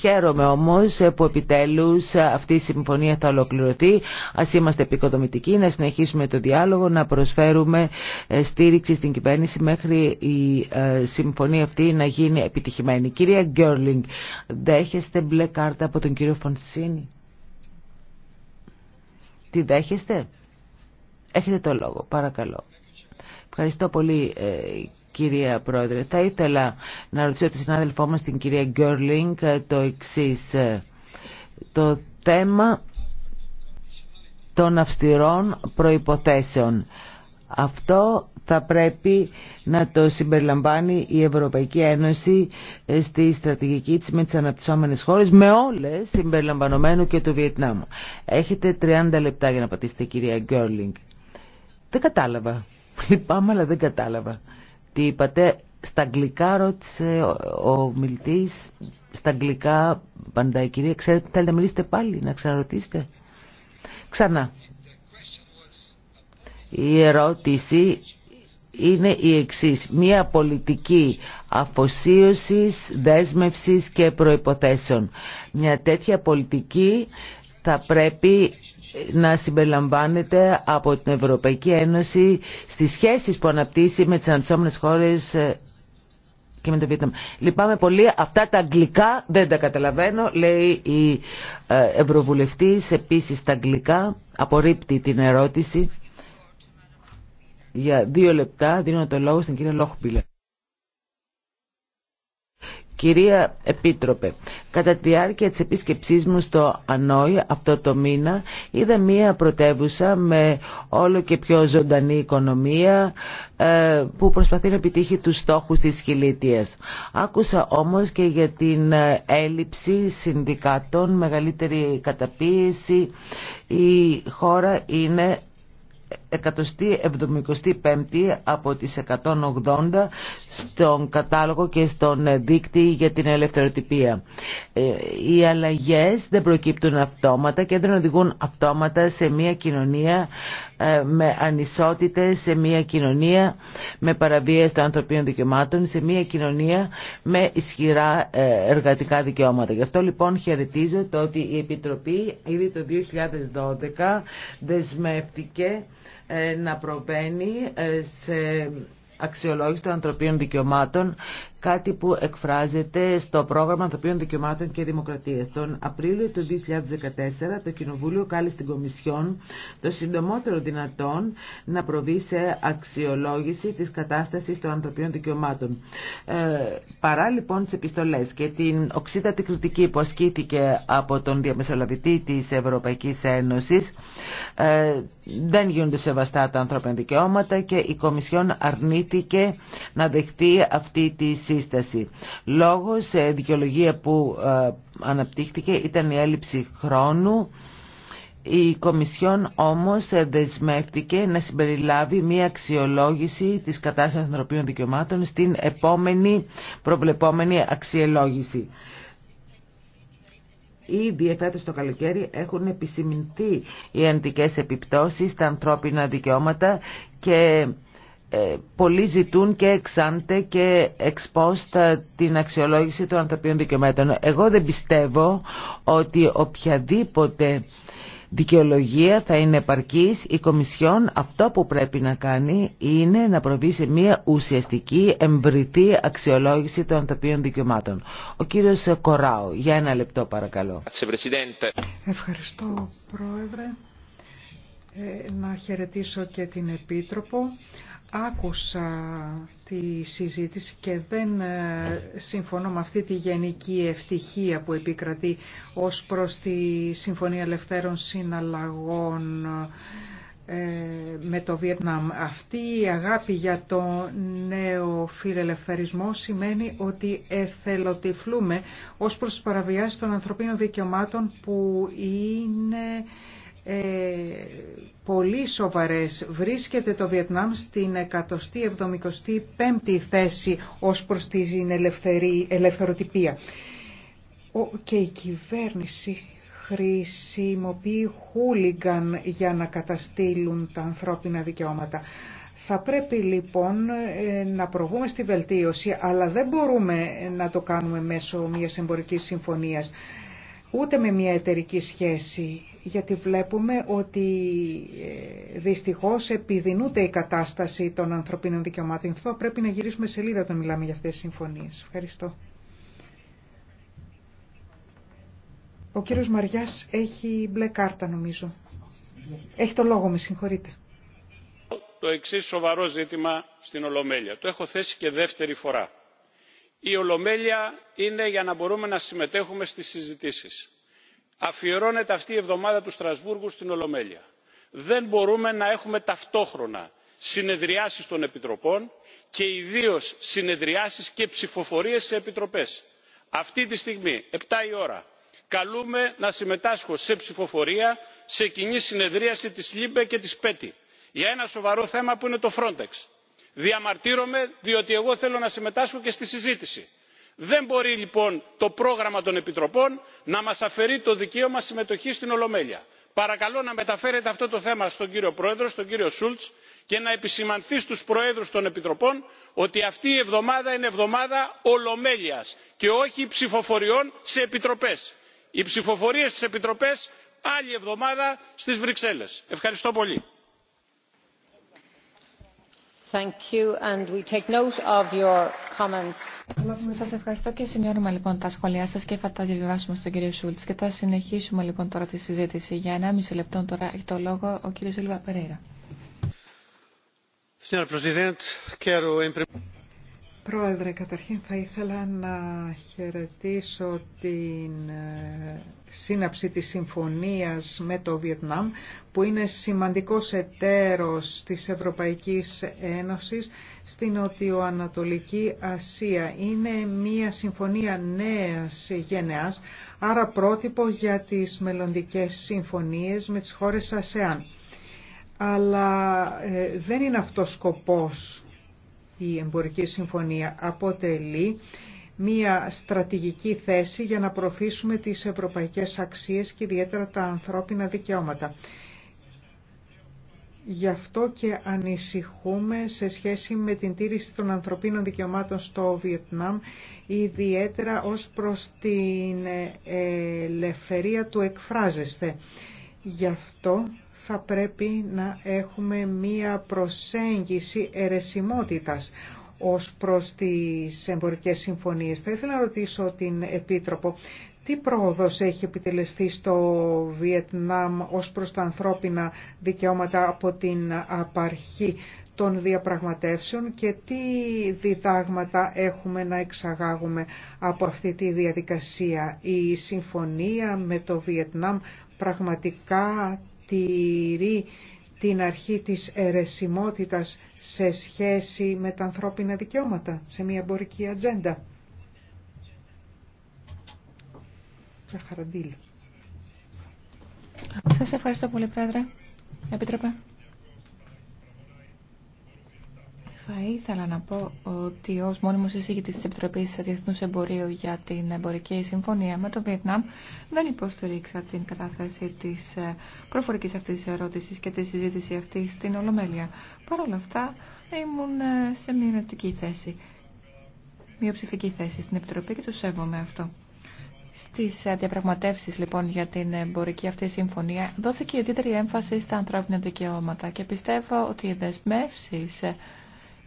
Χαίρομαι όμως που επιτέλους αυτή η συμφωνία θα ολοκληρωθεί. Ας είμαστε επικοδομητικοί, να συνεχίσουμε το διάλογο, να προσφέρουμε ε, στήριξη στην κυβέρνηση μέχρι η ε, συμφωνία αυτή να γίνει επιτυχημένη. Κυρία Γκέρλινγκ, δέχεστε μπλε κάρτα από τον κύριο Φωνσίνη. Τη δέχεστε. Έχετε το λόγο, παρακαλώ. Ευχαριστώ πολύ ε, κυρία Πρόεδρε. Θα ήθελα να ρωτήσω τη συνάδελφό μας την κυρία Γκέρλινγκ ε, το εξή. Ε, το θέμα των αυστηρών προϋποθέσεων. Αυτό θα πρέπει να το συμπεριλαμβάνει η Ευρωπαϊκή Ένωση στη στρατηγική της με τις αναπτυσσόμενες χώρες, με όλες συμπεριλαμβανομένου και του Βιετνάμου. Έχετε 30 λεπτά για να πατήσετε κυρία Γκέρλινγκ. Δεν κατάλαβα. Λυπάμαι, αλλά δεν κατάλαβα. Τι είπατε, στα αγγλικά ρώτησε ο μιλητής, στα αγγλικά παντά η κυρία, ξέρετε, θέλετε να μιλήσετε πάλι, να ξαναρωτήσετε. Ξανά. Η ερώτηση είναι η εξής. Μία πολιτική αφοσίωσης, δέσμευσης και προϋποθέσεων. Μια τέτοια πολιτική θα πρέπει να συμπεριλαμβάνεται από την Ευρωπαϊκή Ένωση στις σχέσεις που αναπτύσσει με τις αναπτυσσόμενες χώρες ε, και με το Βιετναμ. Λυπάμαι πολύ, αυτά τα αγγλικά δεν τα καταλαβαίνω, λέει η ε, Ευρωβουλευτής, επίσης τα αγγλικά, απορρίπτει την ερώτηση. Για δύο λεπτά δίνω το λόγο στην κυρία Λόχπιλε. Κυρία Επίτροπε, Κατά τη διάρκεια της επίσκεψής μου στο Ανόη αυτό το μήνα είδα μία πρωτεύουσα με όλο και πιο ζωντανή οικονομία ε, που προσπαθεί να επιτύχει τους στόχους της χιλίτιας. Άκουσα όμως και για την ε, έλλειψη συνδικάτων, μεγαλύτερη καταπίεση. Η χώρα είναι 175η από τις 180 στον κατάλογο και στον δίκτυο για την ελευθεροτυπία. Ε, οι αλλαγές δεν προκύπτουν αυτόματα και δεν οδηγούν αυτόματα σε μια κοινωνία ε, με ανισότητες, σε μια κοινωνία με παραβίαση των ανθρωπίνων δικαιωμάτων, σε μια κοινωνία με ισχυρά ε, εργατικά δικαιώματα. Γι' αυτό λοιπόν χαιρετίζω το ότι η Επιτροπή ήδη το 2012 δεσμεύτηκε ε, να προβαίνει ε, σε αξιολόγηση των ανθρωπίνων δικαιωμάτων κάτι που εκφράζεται στο πρόγραμμα ανθρωπίνων δικαιωμάτων και δημοκρατίας. Τον Απρίλιο του 2014 το Κοινοβούλιο κάλεσε την Κομισιόν το συντομότερο δυνατόν να προβεί σε αξιολόγηση της κατάστασης των ανθρωπίων δικαιωμάτων. Ε, παρά λοιπόν τις επιστολές και την οξύτατη κριτική που ασκήθηκε από τον διαμεσολαβητή της Ευρωπαϊκής Ένωσης ε, δεν γίνονται σεβαστά τα ανθρώπινα δικαιώματα και η Κομισιόν αρνήθηκε να δεχτεί αυτή τη σύσταση. Λόγος, ε, δικαιολογία που ε, αναπτύχθηκε ήταν η έλλειψη χρόνου. Η Κομισιόν όμως ε, δεσμεύτηκε να συμπεριλάβει μία αξιολόγηση της κατάστασης ανθρωπίνων δικαιωμάτων στην επόμενη προβλεπόμενη αξιολόγηση. Ήδη εφέτος το καλοκαίρι έχουν επισημηθεί οι αντικές επιπτώσεις στα ανθρώπινα δικαιώματα και ε, πολλοί ζητούν και εξάντε και εξπόστα την αξιολόγηση των ανθρωπίνων δικαιωμάτων. Εγώ δεν πιστεύω ότι οποιαδήποτε δικαιολογία θα είναι επαρκής. Η Κομισιόν αυτό που πρέπει να κάνει είναι να προβεί σε μια ουσιαστική εμβρητή αξιολόγηση των ανθρωπίνων δικαιωμάτων. Ο κύριος Κοράου, για ένα λεπτό παρακαλώ. Ευχαριστώ Πρόεδρε. Ε, να χαιρετήσω και την Επίτροπο άκουσα τη συζήτηση και δεν ε, συμφωνώ με αυτή τη γενική ευτυχία που επικρατεί ως προς τη Συμφωνία Ελευθέρων Συναλλαγών ε, με το Βιετνάμ. Αυτή η αγάπη για το νέο φιλελευθερισμό σημαίνει ότι εθελοτυφλούμε ως προς τις παραβιάσεις των ανθρωπίνων δικαιωμάτων που είναι ε, πολύ σοβαρές. Βρίσκεται το Βιετνάμ στην 175η θέση ως προς την ελευθερή, ελευθεροτυπία. Ο, και η κυβέρνηση χρησιμοποιεί χούλιγκαν για να καταστήλουν τα ανθρώπινα δικαιώματα. Θα πρέπει λοιπόν ε, να προβούμε στη βελτίωση, αλλά δεν μπορούμε να το κάνουμε μέσω μιας εμπορικής συμφωνίας, ούτε με μια εταιρική σχέση γιατί βλέπουμε ότι ε, δυστυχώς επιδεινούνται η κατάσταση των ανθρωπίνων δικαιωμάτων. πρέπει να γυρίσουμε σελίδα όταν μιλάμε για αυτές τις συμφωνίες. Ευχαριστώ. Ο κύριος Μαριάς έχει μπλε κάρτα νομίζω. Έχει το λόγο, με συγχωρείτε. Το εξή σοβαρό ζήτημα στην Ολομέλεια. Το έχω θέσει και δεύτερη φορά. Η Ολομέλεια είναι για να μπορούμε να συμμετέχουμε στις συζητήσεις αφιερώνεται αυτή η εβδομάδα του στρασβούργου στην ολομέλεια. δεν μπορούμε να έχουμε ταυτόχρονα συνεδριάσεις των επιτροπών και ιδίως συνεδριάσεις και ψηφοφορίες σε επιτροπές. αυτή τη στιγμή 7 η ώρα καλούμε να συμμετάσχω σε ψηφοφορία σε κοινή συνεδρίαση της ΛΥΜΠΕ και της πέτη για ένα σοβαρό θέμα που είναι το frontex. διαμαρτύρομαι διότι εγώ θέλω να συμμετάσχω και στη συζήτηση δεν μπορεί λοιπόν το πρόγραμμα των επιτροπών να μας αφαιρεί το δικαίωμα συμμετοχής στην ολομέλεια. παρακαλώ να μεταφέρετε αυτό το θέμα στον κύριο πρόεδρο στον κύριο Σούλτς και να επισημανθεί στους προέδρους των επιτροπών ότι αυτή η εβδομάδα είναι εβδομάδα ολομέλειας και όχι ψηφοφοριών σε επιτροπές. οι ψηφοφορίες στις επιτροπές άλλη εβδομάδα στις βρυξέλλες. ευχαριστώ πολύ. Σας ευχαριστώ και σημειώνουμε λοιπόν τα σχόλιά σας και θα τα διαβιβάσουμε στον κύριο Σούλτς και θα συνεχίσουμε λοιπόν τώρα τη συζήτηση. Για ένα μισό λεπτό τώρα έχει το λόγο ο κύριος Ιλβα Περέιρα. Πρόεδρε, καταρχήν θα ήθελα να χαιρετήσω την ε, σύναψη της συμφωνίας με το Βιετνάμ που είναι σημαντικός εταίρος της Ευρωπαϊκής Ένωσης στην Ανατολική Ασία. Είναι μια συμφωνία νέας γενεάς, άρα πρότυπο για τις μελλοντικές συμφωνίες με τις χώρες ΑΣΕΑΝ. Αλλά ε, δεν είναι αυτός σκοπός η εμπορική συμφωνία αποτελεί μία στρατηγική θέση για να προωθήσουμε τις ευρωπαϊκές αξίες και ιδιαίτερα τα ανθρώπινα δικαιώματα. Γι' αυτό και ανησυχούμε σε σχέση με την τήρηση των ανθρωπίνων δικαιωμάτων στο Βιετνάμ, ιδιαίτερα ως προς την ε, ελευθερία του εκφράζεστε. Γι' αυτό θα πρέπει να έχουμε μία προσέγγιση ερεσιμότητας ως προς τις εμπορικές συμφωνίες. Θα ήθελα να ρωτήσω την Επίτροπο τι πρόοδος έχει επιτελεστεί στο Βιετνάμ ως προς τα ανθρώπινα δικαιώματα από την απαρχή των διαπραγματεύσεων και τι διδάγματα έχουμε να εξαγάγουμε από αυτή τη διαδικασία. Η συμφωνία με το Βιετνάμ πραγματικά τηρεί την αρχή της αιρεσιμότητας σε σχέση με τα ανθρώπινα δικαιώματα σε μια εμπορική ατζέντα. Σας ευχαριστώ πολύ, Πρόεδρε. Επίτροπε. Θα ήθελα να πω ότι ως μόνιμος εισήγητη της Επιτροπής Διεθνούς Εμπορίου για την Εμπορική Συμφωνία με το Βιετνάμ δεν υποστηρίξα την κατάθεση της ε, προφορικής αυτής ερώτησης και τη συζήτηση αυτή στην Ολομέλεια. Παρ' όλα αυτά ήμουν ε, σε μειωτική θέση, μειοψηφική θέση στην Επιτροπή και το σέβομαι αυτό. Στις ε, διαπραγματεύσεις λοιπόν για την εμπορική αυτή συμφωνία δόθηκε ιδιαίτερη έμφαση στα ανθρώπινα δικαιώματα και πιστεύω ότι οι δεσμεύσει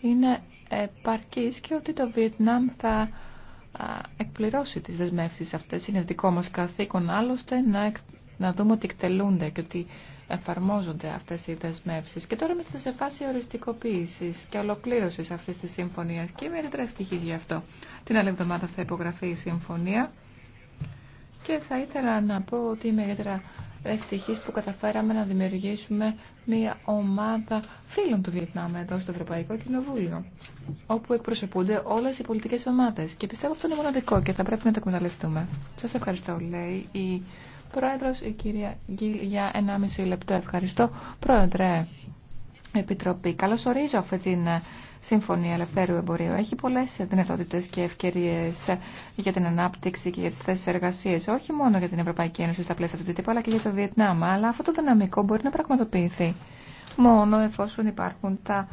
είναι επαρκής και ότι το Βιετνάμ θα εκπληρώσει τις δεσμεύσεις αυτές. Είναι δικό μας καθήκον άλλωστε να, να δούμε ότι εκτελούνται και ότι εφαρμόζονται αυτές οι δεσμεύσεις. Και τώρα είμαστε σε φάση οριστικοποίησης και ολοκλήρωσης αυτής της συμφωνίας και είμαι ιδιαίτερα ευτυχής γι' αυτό. Την άλλη εβδομάδα θα υπογραφεί η συμφωνία και θα ήθελα να πω ότι είμαι ιδιαίτερα ευτυχής που καταφέραμε να δημιουργήσουμε μια ομάδα φίλων του Βιετνάμ εδώ στο Ευρωπαϊκό Κοινοβούλιο, όπου εκπροσωπούνται όλες οι πολιτικές ομάδες. Και πιστεύω αυτό είναι μοναδικό και θα πρέπει να το εκμεταλλευτούμε. Σας ευχαριστώ, λέει η Πρόεδρος, η κυρία Γκίλ, για 1,5 λεπτό. Ευχαριστώ, Πρόεδρε. Επιτροπή. Καλώς ορίζω αυτή την ε, Σύμφωνη Ελευθέρου Εμπορίου. Έχει πολλές δυνατότητες και ευκαιρίες ε, για την ανάπτυξη και για τις θέσεις εργασίες, όχι μόνο για την Ευρωπαϊκή Ένωση στα πλαίσια του τύπου, αλλά και για το Βιετνάμ. Αλλά αυτό το δυναμικό μπορεί να πραγματοποιηθεί μόνο εφόσον υπάρχουν τα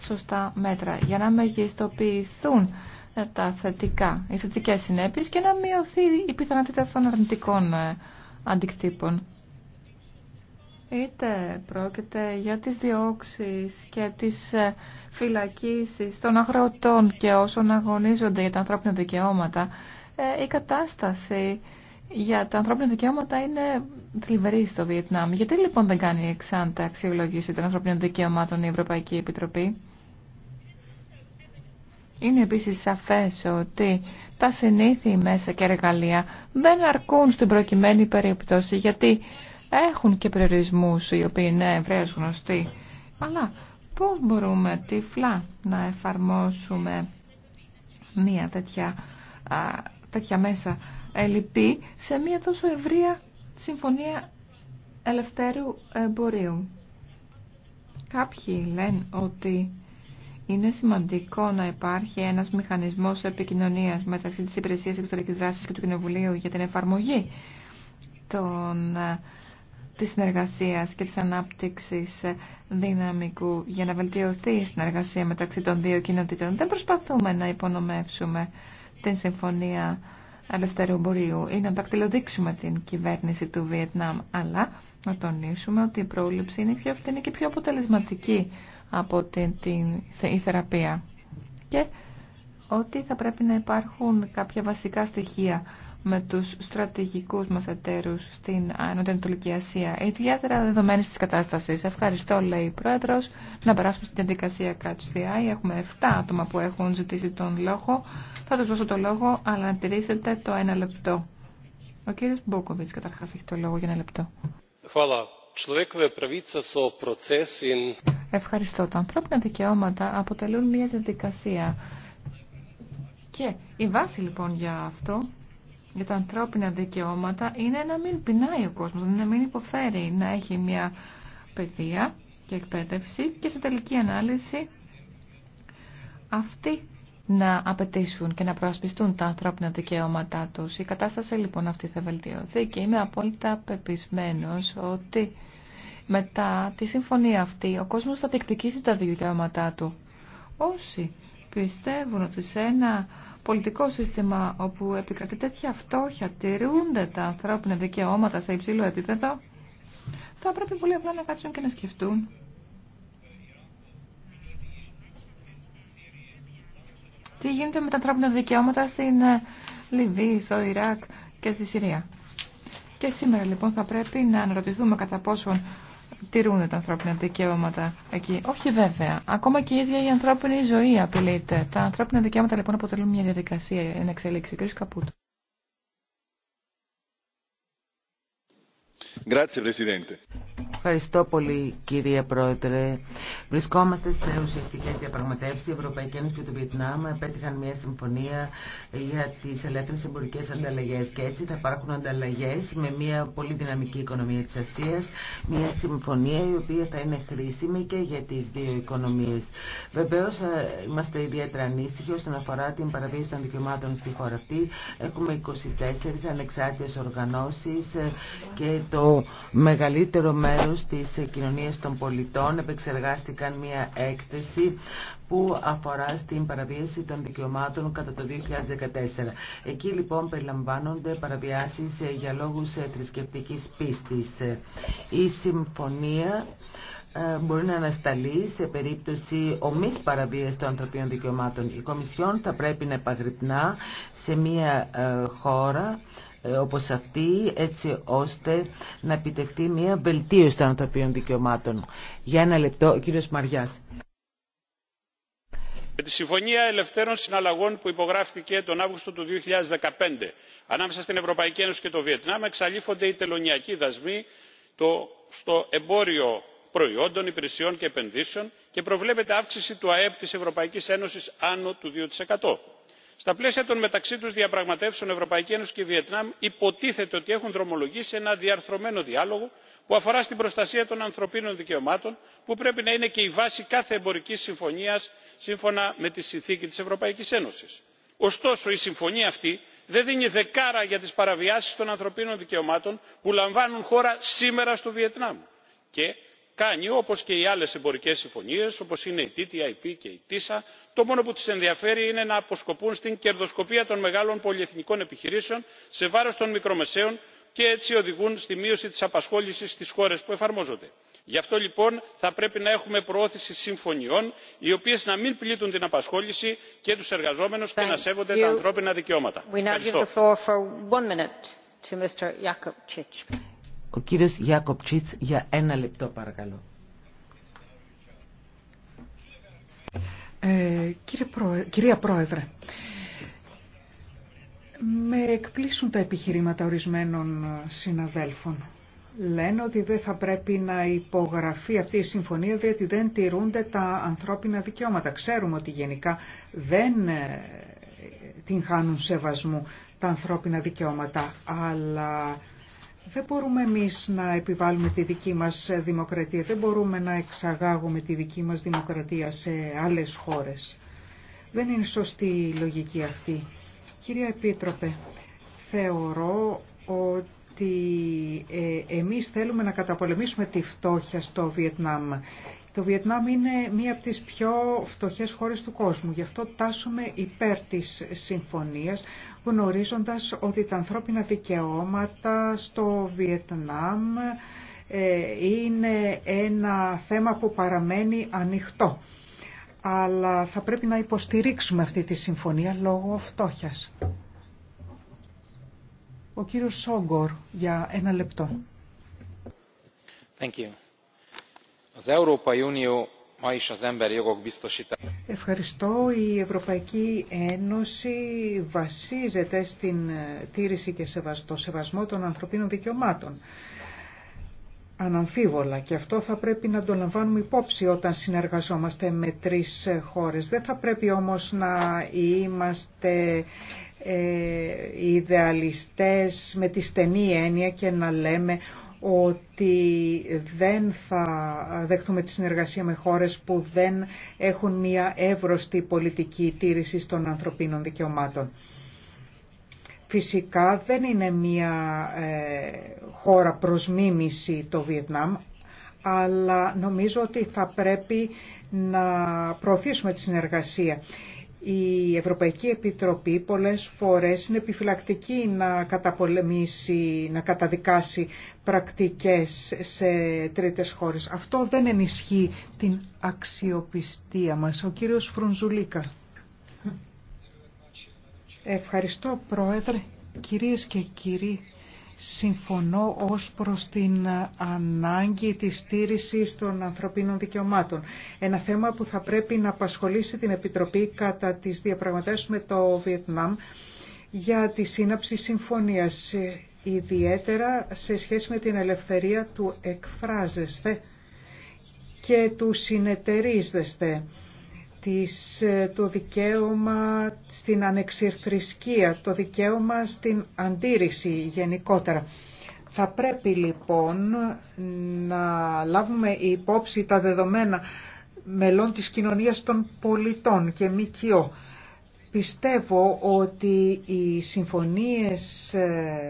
σωστά μέτρα για να μεγιστοποιηθούν ε, τα θετικά, οι θετικέ συνέπειες και να μειωθεί η πιθανότητα των αρνητικών αντικτύπων είτε πρόκειται για τις διώξεις και τις ε, φυλακίσεις των αγροτών και όσων αγωνίζονται για τα ανθρώπινα δικαιώματα, ε, η κατάσταση για τα ανθρώπινα δικαιώματα είναι θλιβερή στο Βιετνάμ. Γιατί λοιπόν δεν κάνει εξάντα αξιολογήση των ανθρώπινων δικαιωμάτων η Ευρωπαϊκή Επιτροπή. Είναι επίσης σαφές ότι τα συνήθιοι μέσα και εργαλεία δεν αρκούν στην προκειμένη περίπτωση γιατί έχουν και περιορισμούς οι οποίοι είναι ευρέως γνωστοί. Αλλά πώς μπορούμε τυφλά να εφαρμόσουμε μία τέτοια, τέτοια μέσα ελλειπή σε μία τόσο ευρεία συμφωνία ελευθέρου εμπορίου. Κάποιοι λένε ότι είναι σημαντικό να υπάρχει ένας μηχανισμός επικοινωνίας μεταξύ της Υπηρεσίας Εξωτερικής Δράσης και του Κοινοβουλίου για την εφαρμογή των της συνεργασίας και της ανάπτυξης δυναμικού για να βελτιωθεί η συνεργασία μεταξύ των δύο κοινοτήτων. Δεν προσπαθούμε να υπονομεύσουμε την Συμφωνία Ελευθερού Εμπορίου ή να δακτυλοδείξουμε την κυβέρνηση του Βιετνάμ, αλλά να τονίσουμε ότι η πρόληψη είναι πιο φθηνή και πιο αποτελεσματική από την, την, η θεραπεία και ότι θα πρέπει να υπάρχουν κάποια βασικά στοιχεία με τους στρατηγικούς μας εταίρους στην Ανατολική Ασία, ιδιαίτερα δεδομένη της κατάστασης. Ευχαριστώ, λέει η Πρόεδρος. Να περάσουμε στην διαδικασία Catch Έχουμε 7 άτομα που έχουν ζητήσει τον λόγο. Θα τους δώσω το λόγο, αλλά να τηρήσετε το ένα λεπτό. Ο κύριος Μπόκοβιτς καταρχάς έχει το λόγο για ένα λεπτό. Ευχαριστώ. Τα ανθρώπινα δικαιώματα αποτελούν μια διαδικασία. Και η βάση λοιπόν για αυτό για τα ανθρώπινα δικαιώματα είναι να μην πεινάει ο κόσμος, να μην υποφέρει, να έχει μια παιδεία και εκπαίδευση και σε τελική ανάλυση αυτοί να απαιτήσουν και να προασπιστούν τα ανθρώπινα δικαιώματά τους. Η κατάσταση λοιπόν αυτή θα βελτιωθεί και είμαι απόλυτα πεπισμένος ότι μετά τη συμφωνία αυτή ο κόσμος θα διεκδικήσει τα δικαιώματά του. Όσοι πιστεύουν ότι σε ένα πολιτικό σύστημα όπου επικρατεί τέτοια φτώχεια, τηρούνται τα ανθρώπινα δικαιώματα σε υψηλό επίπεδο, θα πρέπει πολύ απλά να κάτσουν και να σκεφτούν. Τι γίνεται με τα ανθρώπινα δικαιώματα στην ε, Λιβύη, στο Ιράκ και στη Συρία. Και σήμερα λοιπόν θα πρέπει να αναρωτηθούμε κατά πόσον τηρούν τα ανθρώπινα δικαιώματα εκεί. Όχι βέβαια. Ακόμα και η ίδια η ανθρώπινη ζωή απειλείται. Τα ανθρώπινα δικαιώματα λοιπόν αποτελούν μια διαδικασία εν εξελίξη. Ο κ. Ευχαριστώ πολύ κυρία Πρόεδρε. Βρισκόμαστε σε ουσιαστικέ διαπραγματεύσει. Η Ευρωπαϊκή Ένωση και το Βιετνάμ επέτυχαν μια συμφωνία για τι ελεύθερε εμπορικέ ανταλλαγέ και έτσι θα υπάρχουν ανταλλαγέ με μια πολύ δυναμική οικονομία τη Ασία. Μια συμφωνία η οποία θα είναι χρήσιμη και για τι δύο οικονομίε. Βεβαίω ε, είμαστε ιδιαίτερα ανήσυχοι όσον αφορά την παραβίαση των δικαιωμάτων στη χώρα αυτή. Έχουμε 24 ανεξάρτητε οργανώσει ε, και το μεγαλύτερο μέρο εταίρους της κοινωνίας των πολιτών επεξεργάστηκαν μια έκθεση που αφορά στην παραβίαση των δικαιωμάτων κατά το 2014. Εκεί λοιπόν περιλαμβάνονται παραβιάσεις για λόγους ε, θρησκευτική πίστης. Η συμφωνία ε, μπορεί να ανασταλεί σε περίπτωση ομής παραβίαση των ανθρωπίνων δικαιωμάτων. Η Κομισιόν θα πρέπει να επαγρυπνά σε μια ε, χώρα ε, όπως αυτή έτσι ώστε να επιτευχθεί μια βελτίωση των ανθρωπίνων δικαιωμάτων. Για ένα λεπτό, ο κύριος Μαριάς. Με τη Συμφωνία Ελευθέρων Συναλλαγών που υπογράφτηκε τον Αύγουστο του 2015 ανάμεσα στην Ευρωπαϊκή Ένωση και το Βιετνάμ εξαλείφονται οι τελωνιακοί δασμοί στο εμπόριο προϊόντων, υπηρεσιών και επενδύσεων και προβλέπεται αύξηση του ΑΕΠ της Ευρωπαϊκής Ένωσης άνω του 2% στα πλαίσια των μεταξύ του διαπραγματεύσεων ευρωπαϊκή ένωση και βιετνάμ υποτίθεται ότι έχουν δρομολογήσει ένα διαρθρωμένο διάλογο που αφορά στην προστασία των ανθρωπίνων δικαιωμάτων που πρέπει να είναι και η βάση κάθε εμπορικής συμφωνίας σύμφωνα με τη συνθήκη της ευρωπαϊκής ένωσης. ωστόσο η συμφωνία αυτή δεν δίνει δεκάρα για τι παραβιάσει των ανθρωπίνων δικαιωμάτων που λαμβάνουν χώρα σήμερα στο βιετνάμ και κάνει όπως και οι άλλες εμπορικές συμφωνίες όπως είναι η ttip και η tisa το μόνο που τις ενδιαφέρει είναι να αποσκοπούν στην κερδοσκοπία των μεγάλων πολυεθνικών επιχειρήσεων σε βάρος των μικρομεσαίων και έτσι οδηγούν στη μείωση της απασχόλησης στις χώρες που εφαρμόζονται. γι' αυτό λοιπόν θα πρέπει να έχουμε προώθηση συμφωνιών οι οποίες να μην πλήττουν την απασχόληση και τους εργαζόμενους και να σέβονται τα ανθρώπινα δικαιώματα. Ο κύριος Τσίτς, για ένα λεπτό παρακαλώ. Ε, κύριε κυρία Πρόεδρε, με εκπλήσουν τα επιχειρήματα ορισμένων συναδέλφων. Λένε ότι δεν θα πρέπει να υπογραφεί αυτή η συμφωνία διότι δεν τηρούνται τα ανθρώπινα δικαιώματα. Ξέρουμε ότι γενικά δεν ε, την χάνουν σεβασμού τα ανθρώπινα δικαιώματα, αλλά δεν μπορούμε εμείς να επιβάλλουμε τη δική μας δημοκρατία, δεν μπορούμε να εξαγάγουμε τη δική μας δημοκρατία σε άλλες χώρες. Δεν είναι σωστή η λογική αυτή. Κυρία Επίτροπε, θεωρώ ότι ε, εμείς θέλουμε να καταπολεμήσουμε τη φτώχεια στο Βιετνάμ το Βιετνάμ είναι μία από τις πιο φτωχές χώρες του κόσμου, γι' αυτό τάσουμε υπέρ της συμφωνίας, γνωρίζοντας ότι τα ανθρώπινα δικαιώματα στο Βιετνάμ ε, είναι ένα θέμα που παραμένει ανοιχτό. Αλλά θα πρέπει να υποστηρίξουμε αυτή τη συμφωνία λόγω φτώχειας. Ο κύριος Σόγκορ για ένα λεπτό. Ευχαριστώ. Η Ευρωπαϊκή Ένωση βασίζεται στην ε, τήρηση και στο σεβασμό των ανθρωπίνων δικαιωμάτων. Αναμφίβολα και αυτό θα πρέπει να το λαμβάνουμε υπόψη όταν συνεργαζόμαστε με τρεις ε, χώρες. Δεν θα πρέπει όμως να είμαστε ε, ιδεαλιστές με τη στενή έννοια και να λέμε ότι δεν θα δεχτούμε τη συνεργασία με χώρες που δεν έχουν μια εύρωστη πολιτική τήρηση των ανθρωπίνων δικαιωμάτων. Φυσικά δεν είναι μια ε, χώρα προς μίμηση το Βιετνάμ, αλλά νομίζω ότι θα πρέπει να προωθήσουμε τη συνεργασία η Ευρωπαϊκή Επιτροπή πολλές φορές είναι επιφυλακτική να καταπολεμήσει, να καταδικάσει πρακτικές σε τρίτες χώρες. Αυτό δεν ενισχύει την αξιοπιστία μας. Ο κύριος Φρουνζουλίκα. Ευχαριστώ Πρόεδρε, κυρίες και κύριοι Συμφωνώ ως προς την ανάγκη της στήρησης των ανθρωπίνων δικαιωμάτων. Ένα θέμα που θα πρέπει να απασχολήσει την Επιτροπή κατά τις διαπραγματεύσεις με το Βιετνάμ για τη σύναψη συμφωνίας, ιδιαίτερα σε σχέση με την ελευθερία του εκφράζεσθε και του συνεταιρίζεσθε της, ε, το δικαίωμα στην ανεξιρθρησκεία, το δικαίωμα στην αντίρρηση γενικότερα. Θα πρέπει λοιπόν να λάβουμε υπόψη τα δεδομένα μελών της κοινωνίας των πολιτών και κοιό. Πιστεύω ότι οι συμφωνίες ε,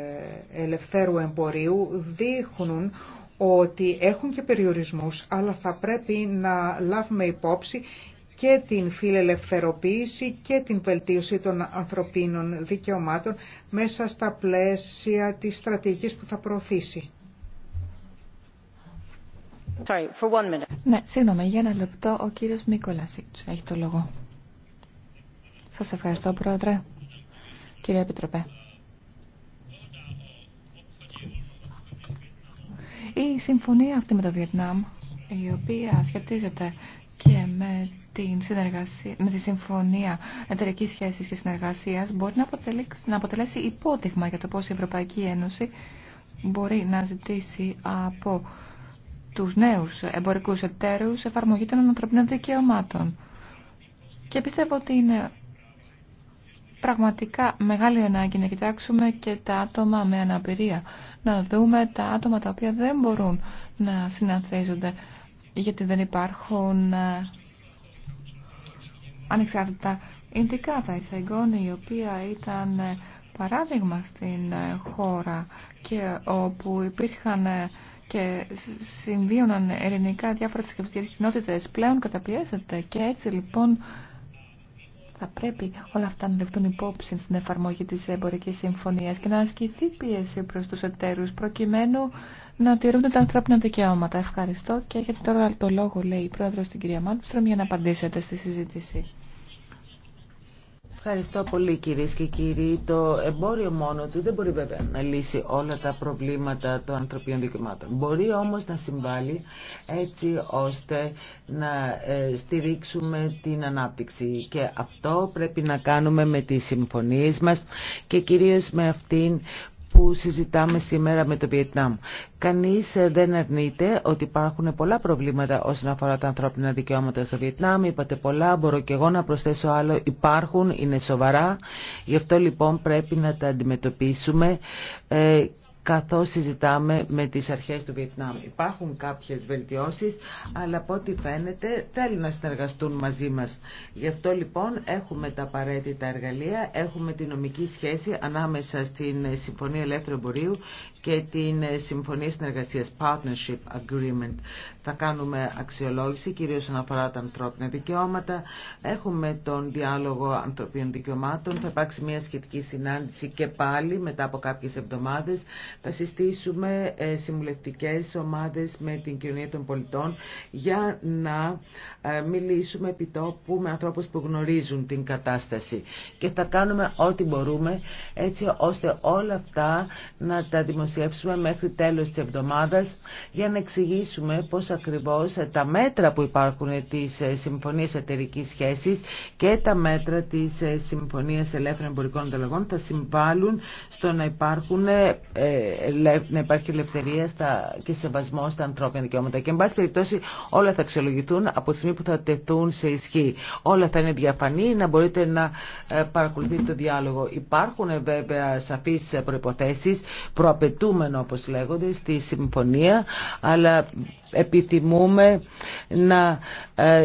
ελευθέρου εμπορίου δείχνουν ότι έχουν και περιορισμούς, αλλά θα πρέπει να λάβουμε υπόψη και την φιλελευθερωποίηση και την βελτίωση των ανθρωπίνων δικαιωμάτων μέσα στα πλαίσια της στρατηγικής που θα προωθήσει. Sorry, for one minute. Ναι, για ένα λεπτό ο κύριος Μικολασίτς έχει το λόγο. Σας ευχαριστώ, Πρόεδρε. Κύριε Επιτροπέ. Η συμφωνία αυτή με το Βιετνάμ, η οποία σχετίζεται και με την συνεργασία, με τη Συμφωνία Εταιρική Σχέση και Συνεργασία μπορεί να, να αποτελέσει υπόδειγμα για το πώ η Ευρωπαϊκή Ένωση μπορεί να ζητήσει από τους νέου εμπορικού εταίρου εφαρμογή των ανθρωπίνων δικαιωμάτων. Και πιστεύω ότι είναι πραγματικά μεγάλη ανάγκη να κοιτάξουμε και τα άτομα με αναπηρία. Να δούμε τα άτομα τα οποία δεν μπορούν να συναθρίζονται γιατί δεν υπάρχουν ε, ανεξάρτητα Ινδικάτα, η Σαϊγκόνη, η οποία ήταν παράδειγμα στην χώρα και όπου υπήρχαν και συμβίωναν ελληνικά διάφορα θρησκευτικές κοινότητε, πλέον καταπιέζεται και έτσι λοιπόν θα πρέπει όλα αυτά να λεφτούν υπόψη στην εφαρμογή της εμπορικής συμφωνίας και να ασκηθεί πίεση προς τους εταίρους προκειμένου να τηρούνται τα ανθρώπινα δικαιώματα. Ευχαριστώ και έχετε τώρα το λόγο, λέει η πρόεδρο την κυρία Μάντουστρομ, για να απαντήσετε στη συζήτηση. Ευχαριστώ πολύ κυρίες και κύριοι. Το εμπόριο μόνο του δεν μπορεί βέβαια να λύσει όλα τα προβλήματα των ανθρωπίνων δικαιωμάτων. Μπορεί όμως να συμβάλλει έτσι ώστε να ε, στηρίξουμε την ανάπτυξη και αυτό πρέπει να κάνουμε με τις συμφωνίες μας και κυρίως με αυτήν που συζητάμε σήμερα με το Βιετνάμ. Κανείς ε, δεν αρνείται ότι υπάρχουν πολλά προβλήματα όσον αφορά τα ανθρώπινα δικαιώματα στο Βιετνάμ. Είπατε πολλά, μπορώ και εγώ να προσθέσω άλλο. Υπάρχουν, είναι σοβαρά. Γι' αυτό λοιπόν πρέπει να τα αντιμετωπίσουμε ε, καθώς συζητάμε με τις αρχές του Βιετνάμ. Υπάρχουν κάποιες βελτιώσεις, αλλά από ό,τι φαίνεται θέλουν να συνεργαστούν μαζί μας. Γι' αυτό λοιπόν έχουμε τα απαραίτητα εργαλεία, έχουμε τη νομική σχέση ανάμεσα στην Συμφωνία Ελεύθερου Εμπορίου και την Συμφωνία Συνεργασίας Partnership Agreement. Θα κάνουμε αξιολόγηση, κυρίως όσον αφορά τα ανθρώπινα δικαιώματα. Έχουμε τον διάλογο ανθρωπίνων δικαιωμάτων. Θα υπάρξει μια σχετική συνάντηση και πάλι μετά από κάποιες εβδομάδες θα συστήσουμε ε, συμβουλευτικές ομάδες με την κοινωνία των πολιτών για να ε, μιλήσουμε επί τόπου με ανθρώπους που γνωρίζουν την κατάσταση. Και θα κάνουμε ό,τι μπορούμε έτσι ώστε όλα αυτά να τα δημοσιεύσουμε μέχρι τέλος της εβδομάδας για να εξηγήσουμε πώς ακριβώς ε, τα μέτρα που υπάρχουν της Συμφωνίας Εταιρικής Σχέσης και τα μέτρα της Συμφωνίας Ελεύθερων Εμπορικών Ανταλλαγών θα συμβάλλουν στο να υπάρχουν να υπάρχει ελευθερία στα, και σεβασμό στα ανθρώπινα δικαιώματα. Και εν πάση περιπτώσει όλα θα αξιολογηθούν από τη στιγμή που θα τεθούν σε ισχύ. Όλα θα είναι διαφανή, να μπορείτε να ε, παρακολουθείτε το διάλογο. Υπάρχουν ε, βέβαια σαφείς ε, προϋποθέσεις, προαπαιτούμενο όπως λέγονται στη συμφωνία, αλλά επιθυμούμε να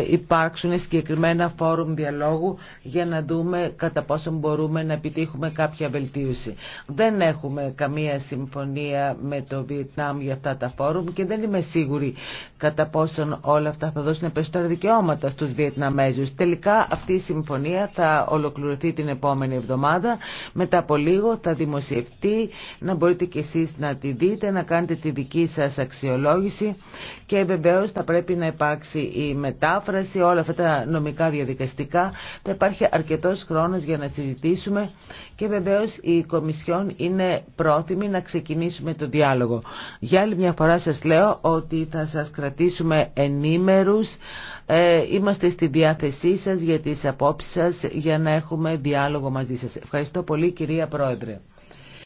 υπάρξουν συγκεκριμένα φόρουμ διαλόγου για να δούμε κατά πόσο μπορούμε να επιτύχουμε κάποια βελτίωση. Δεν έχουμε καμία σημασία συμφωνία με το Βιετνάμ για αυτά τα φόρουμ και δεν είμαι σίγουρη κατά πόσον όλα αυτά θα δώσουν περισσότερα δικαιώματα στους Βιετναμέζους. Τελικά αυτή η συμφωνία θα ολοκληρωθεί την επόμενη εβδομάδα. Μετά από λίγο θα δημοσιευτεί να μπορείτε κι εσείς να τη δείτε, να κάνετε τη δική σας αξιολόγηση και βεβαίως θα πρέπει να υπάρξει η μετάφραση, όλα αυτά τα νομικά διαδικαστικά. Θα υπάρχει αρκετός χρόνος για να συζητήσουμε και βεβαίως η Κομισιόν είναι πρόθυμη να ξεκινήσουμε το διάλογο. Για άλλη μια φορά σας λέω ότι θα σας κρατήσουμε ενήμερους. Ε, είμαστε στη διάθεσή σας για τις απόψεις σας για να έχουμε διάλογο μαζί σας. Ευχαριστώ πολύ κυρία Πρόεδρε.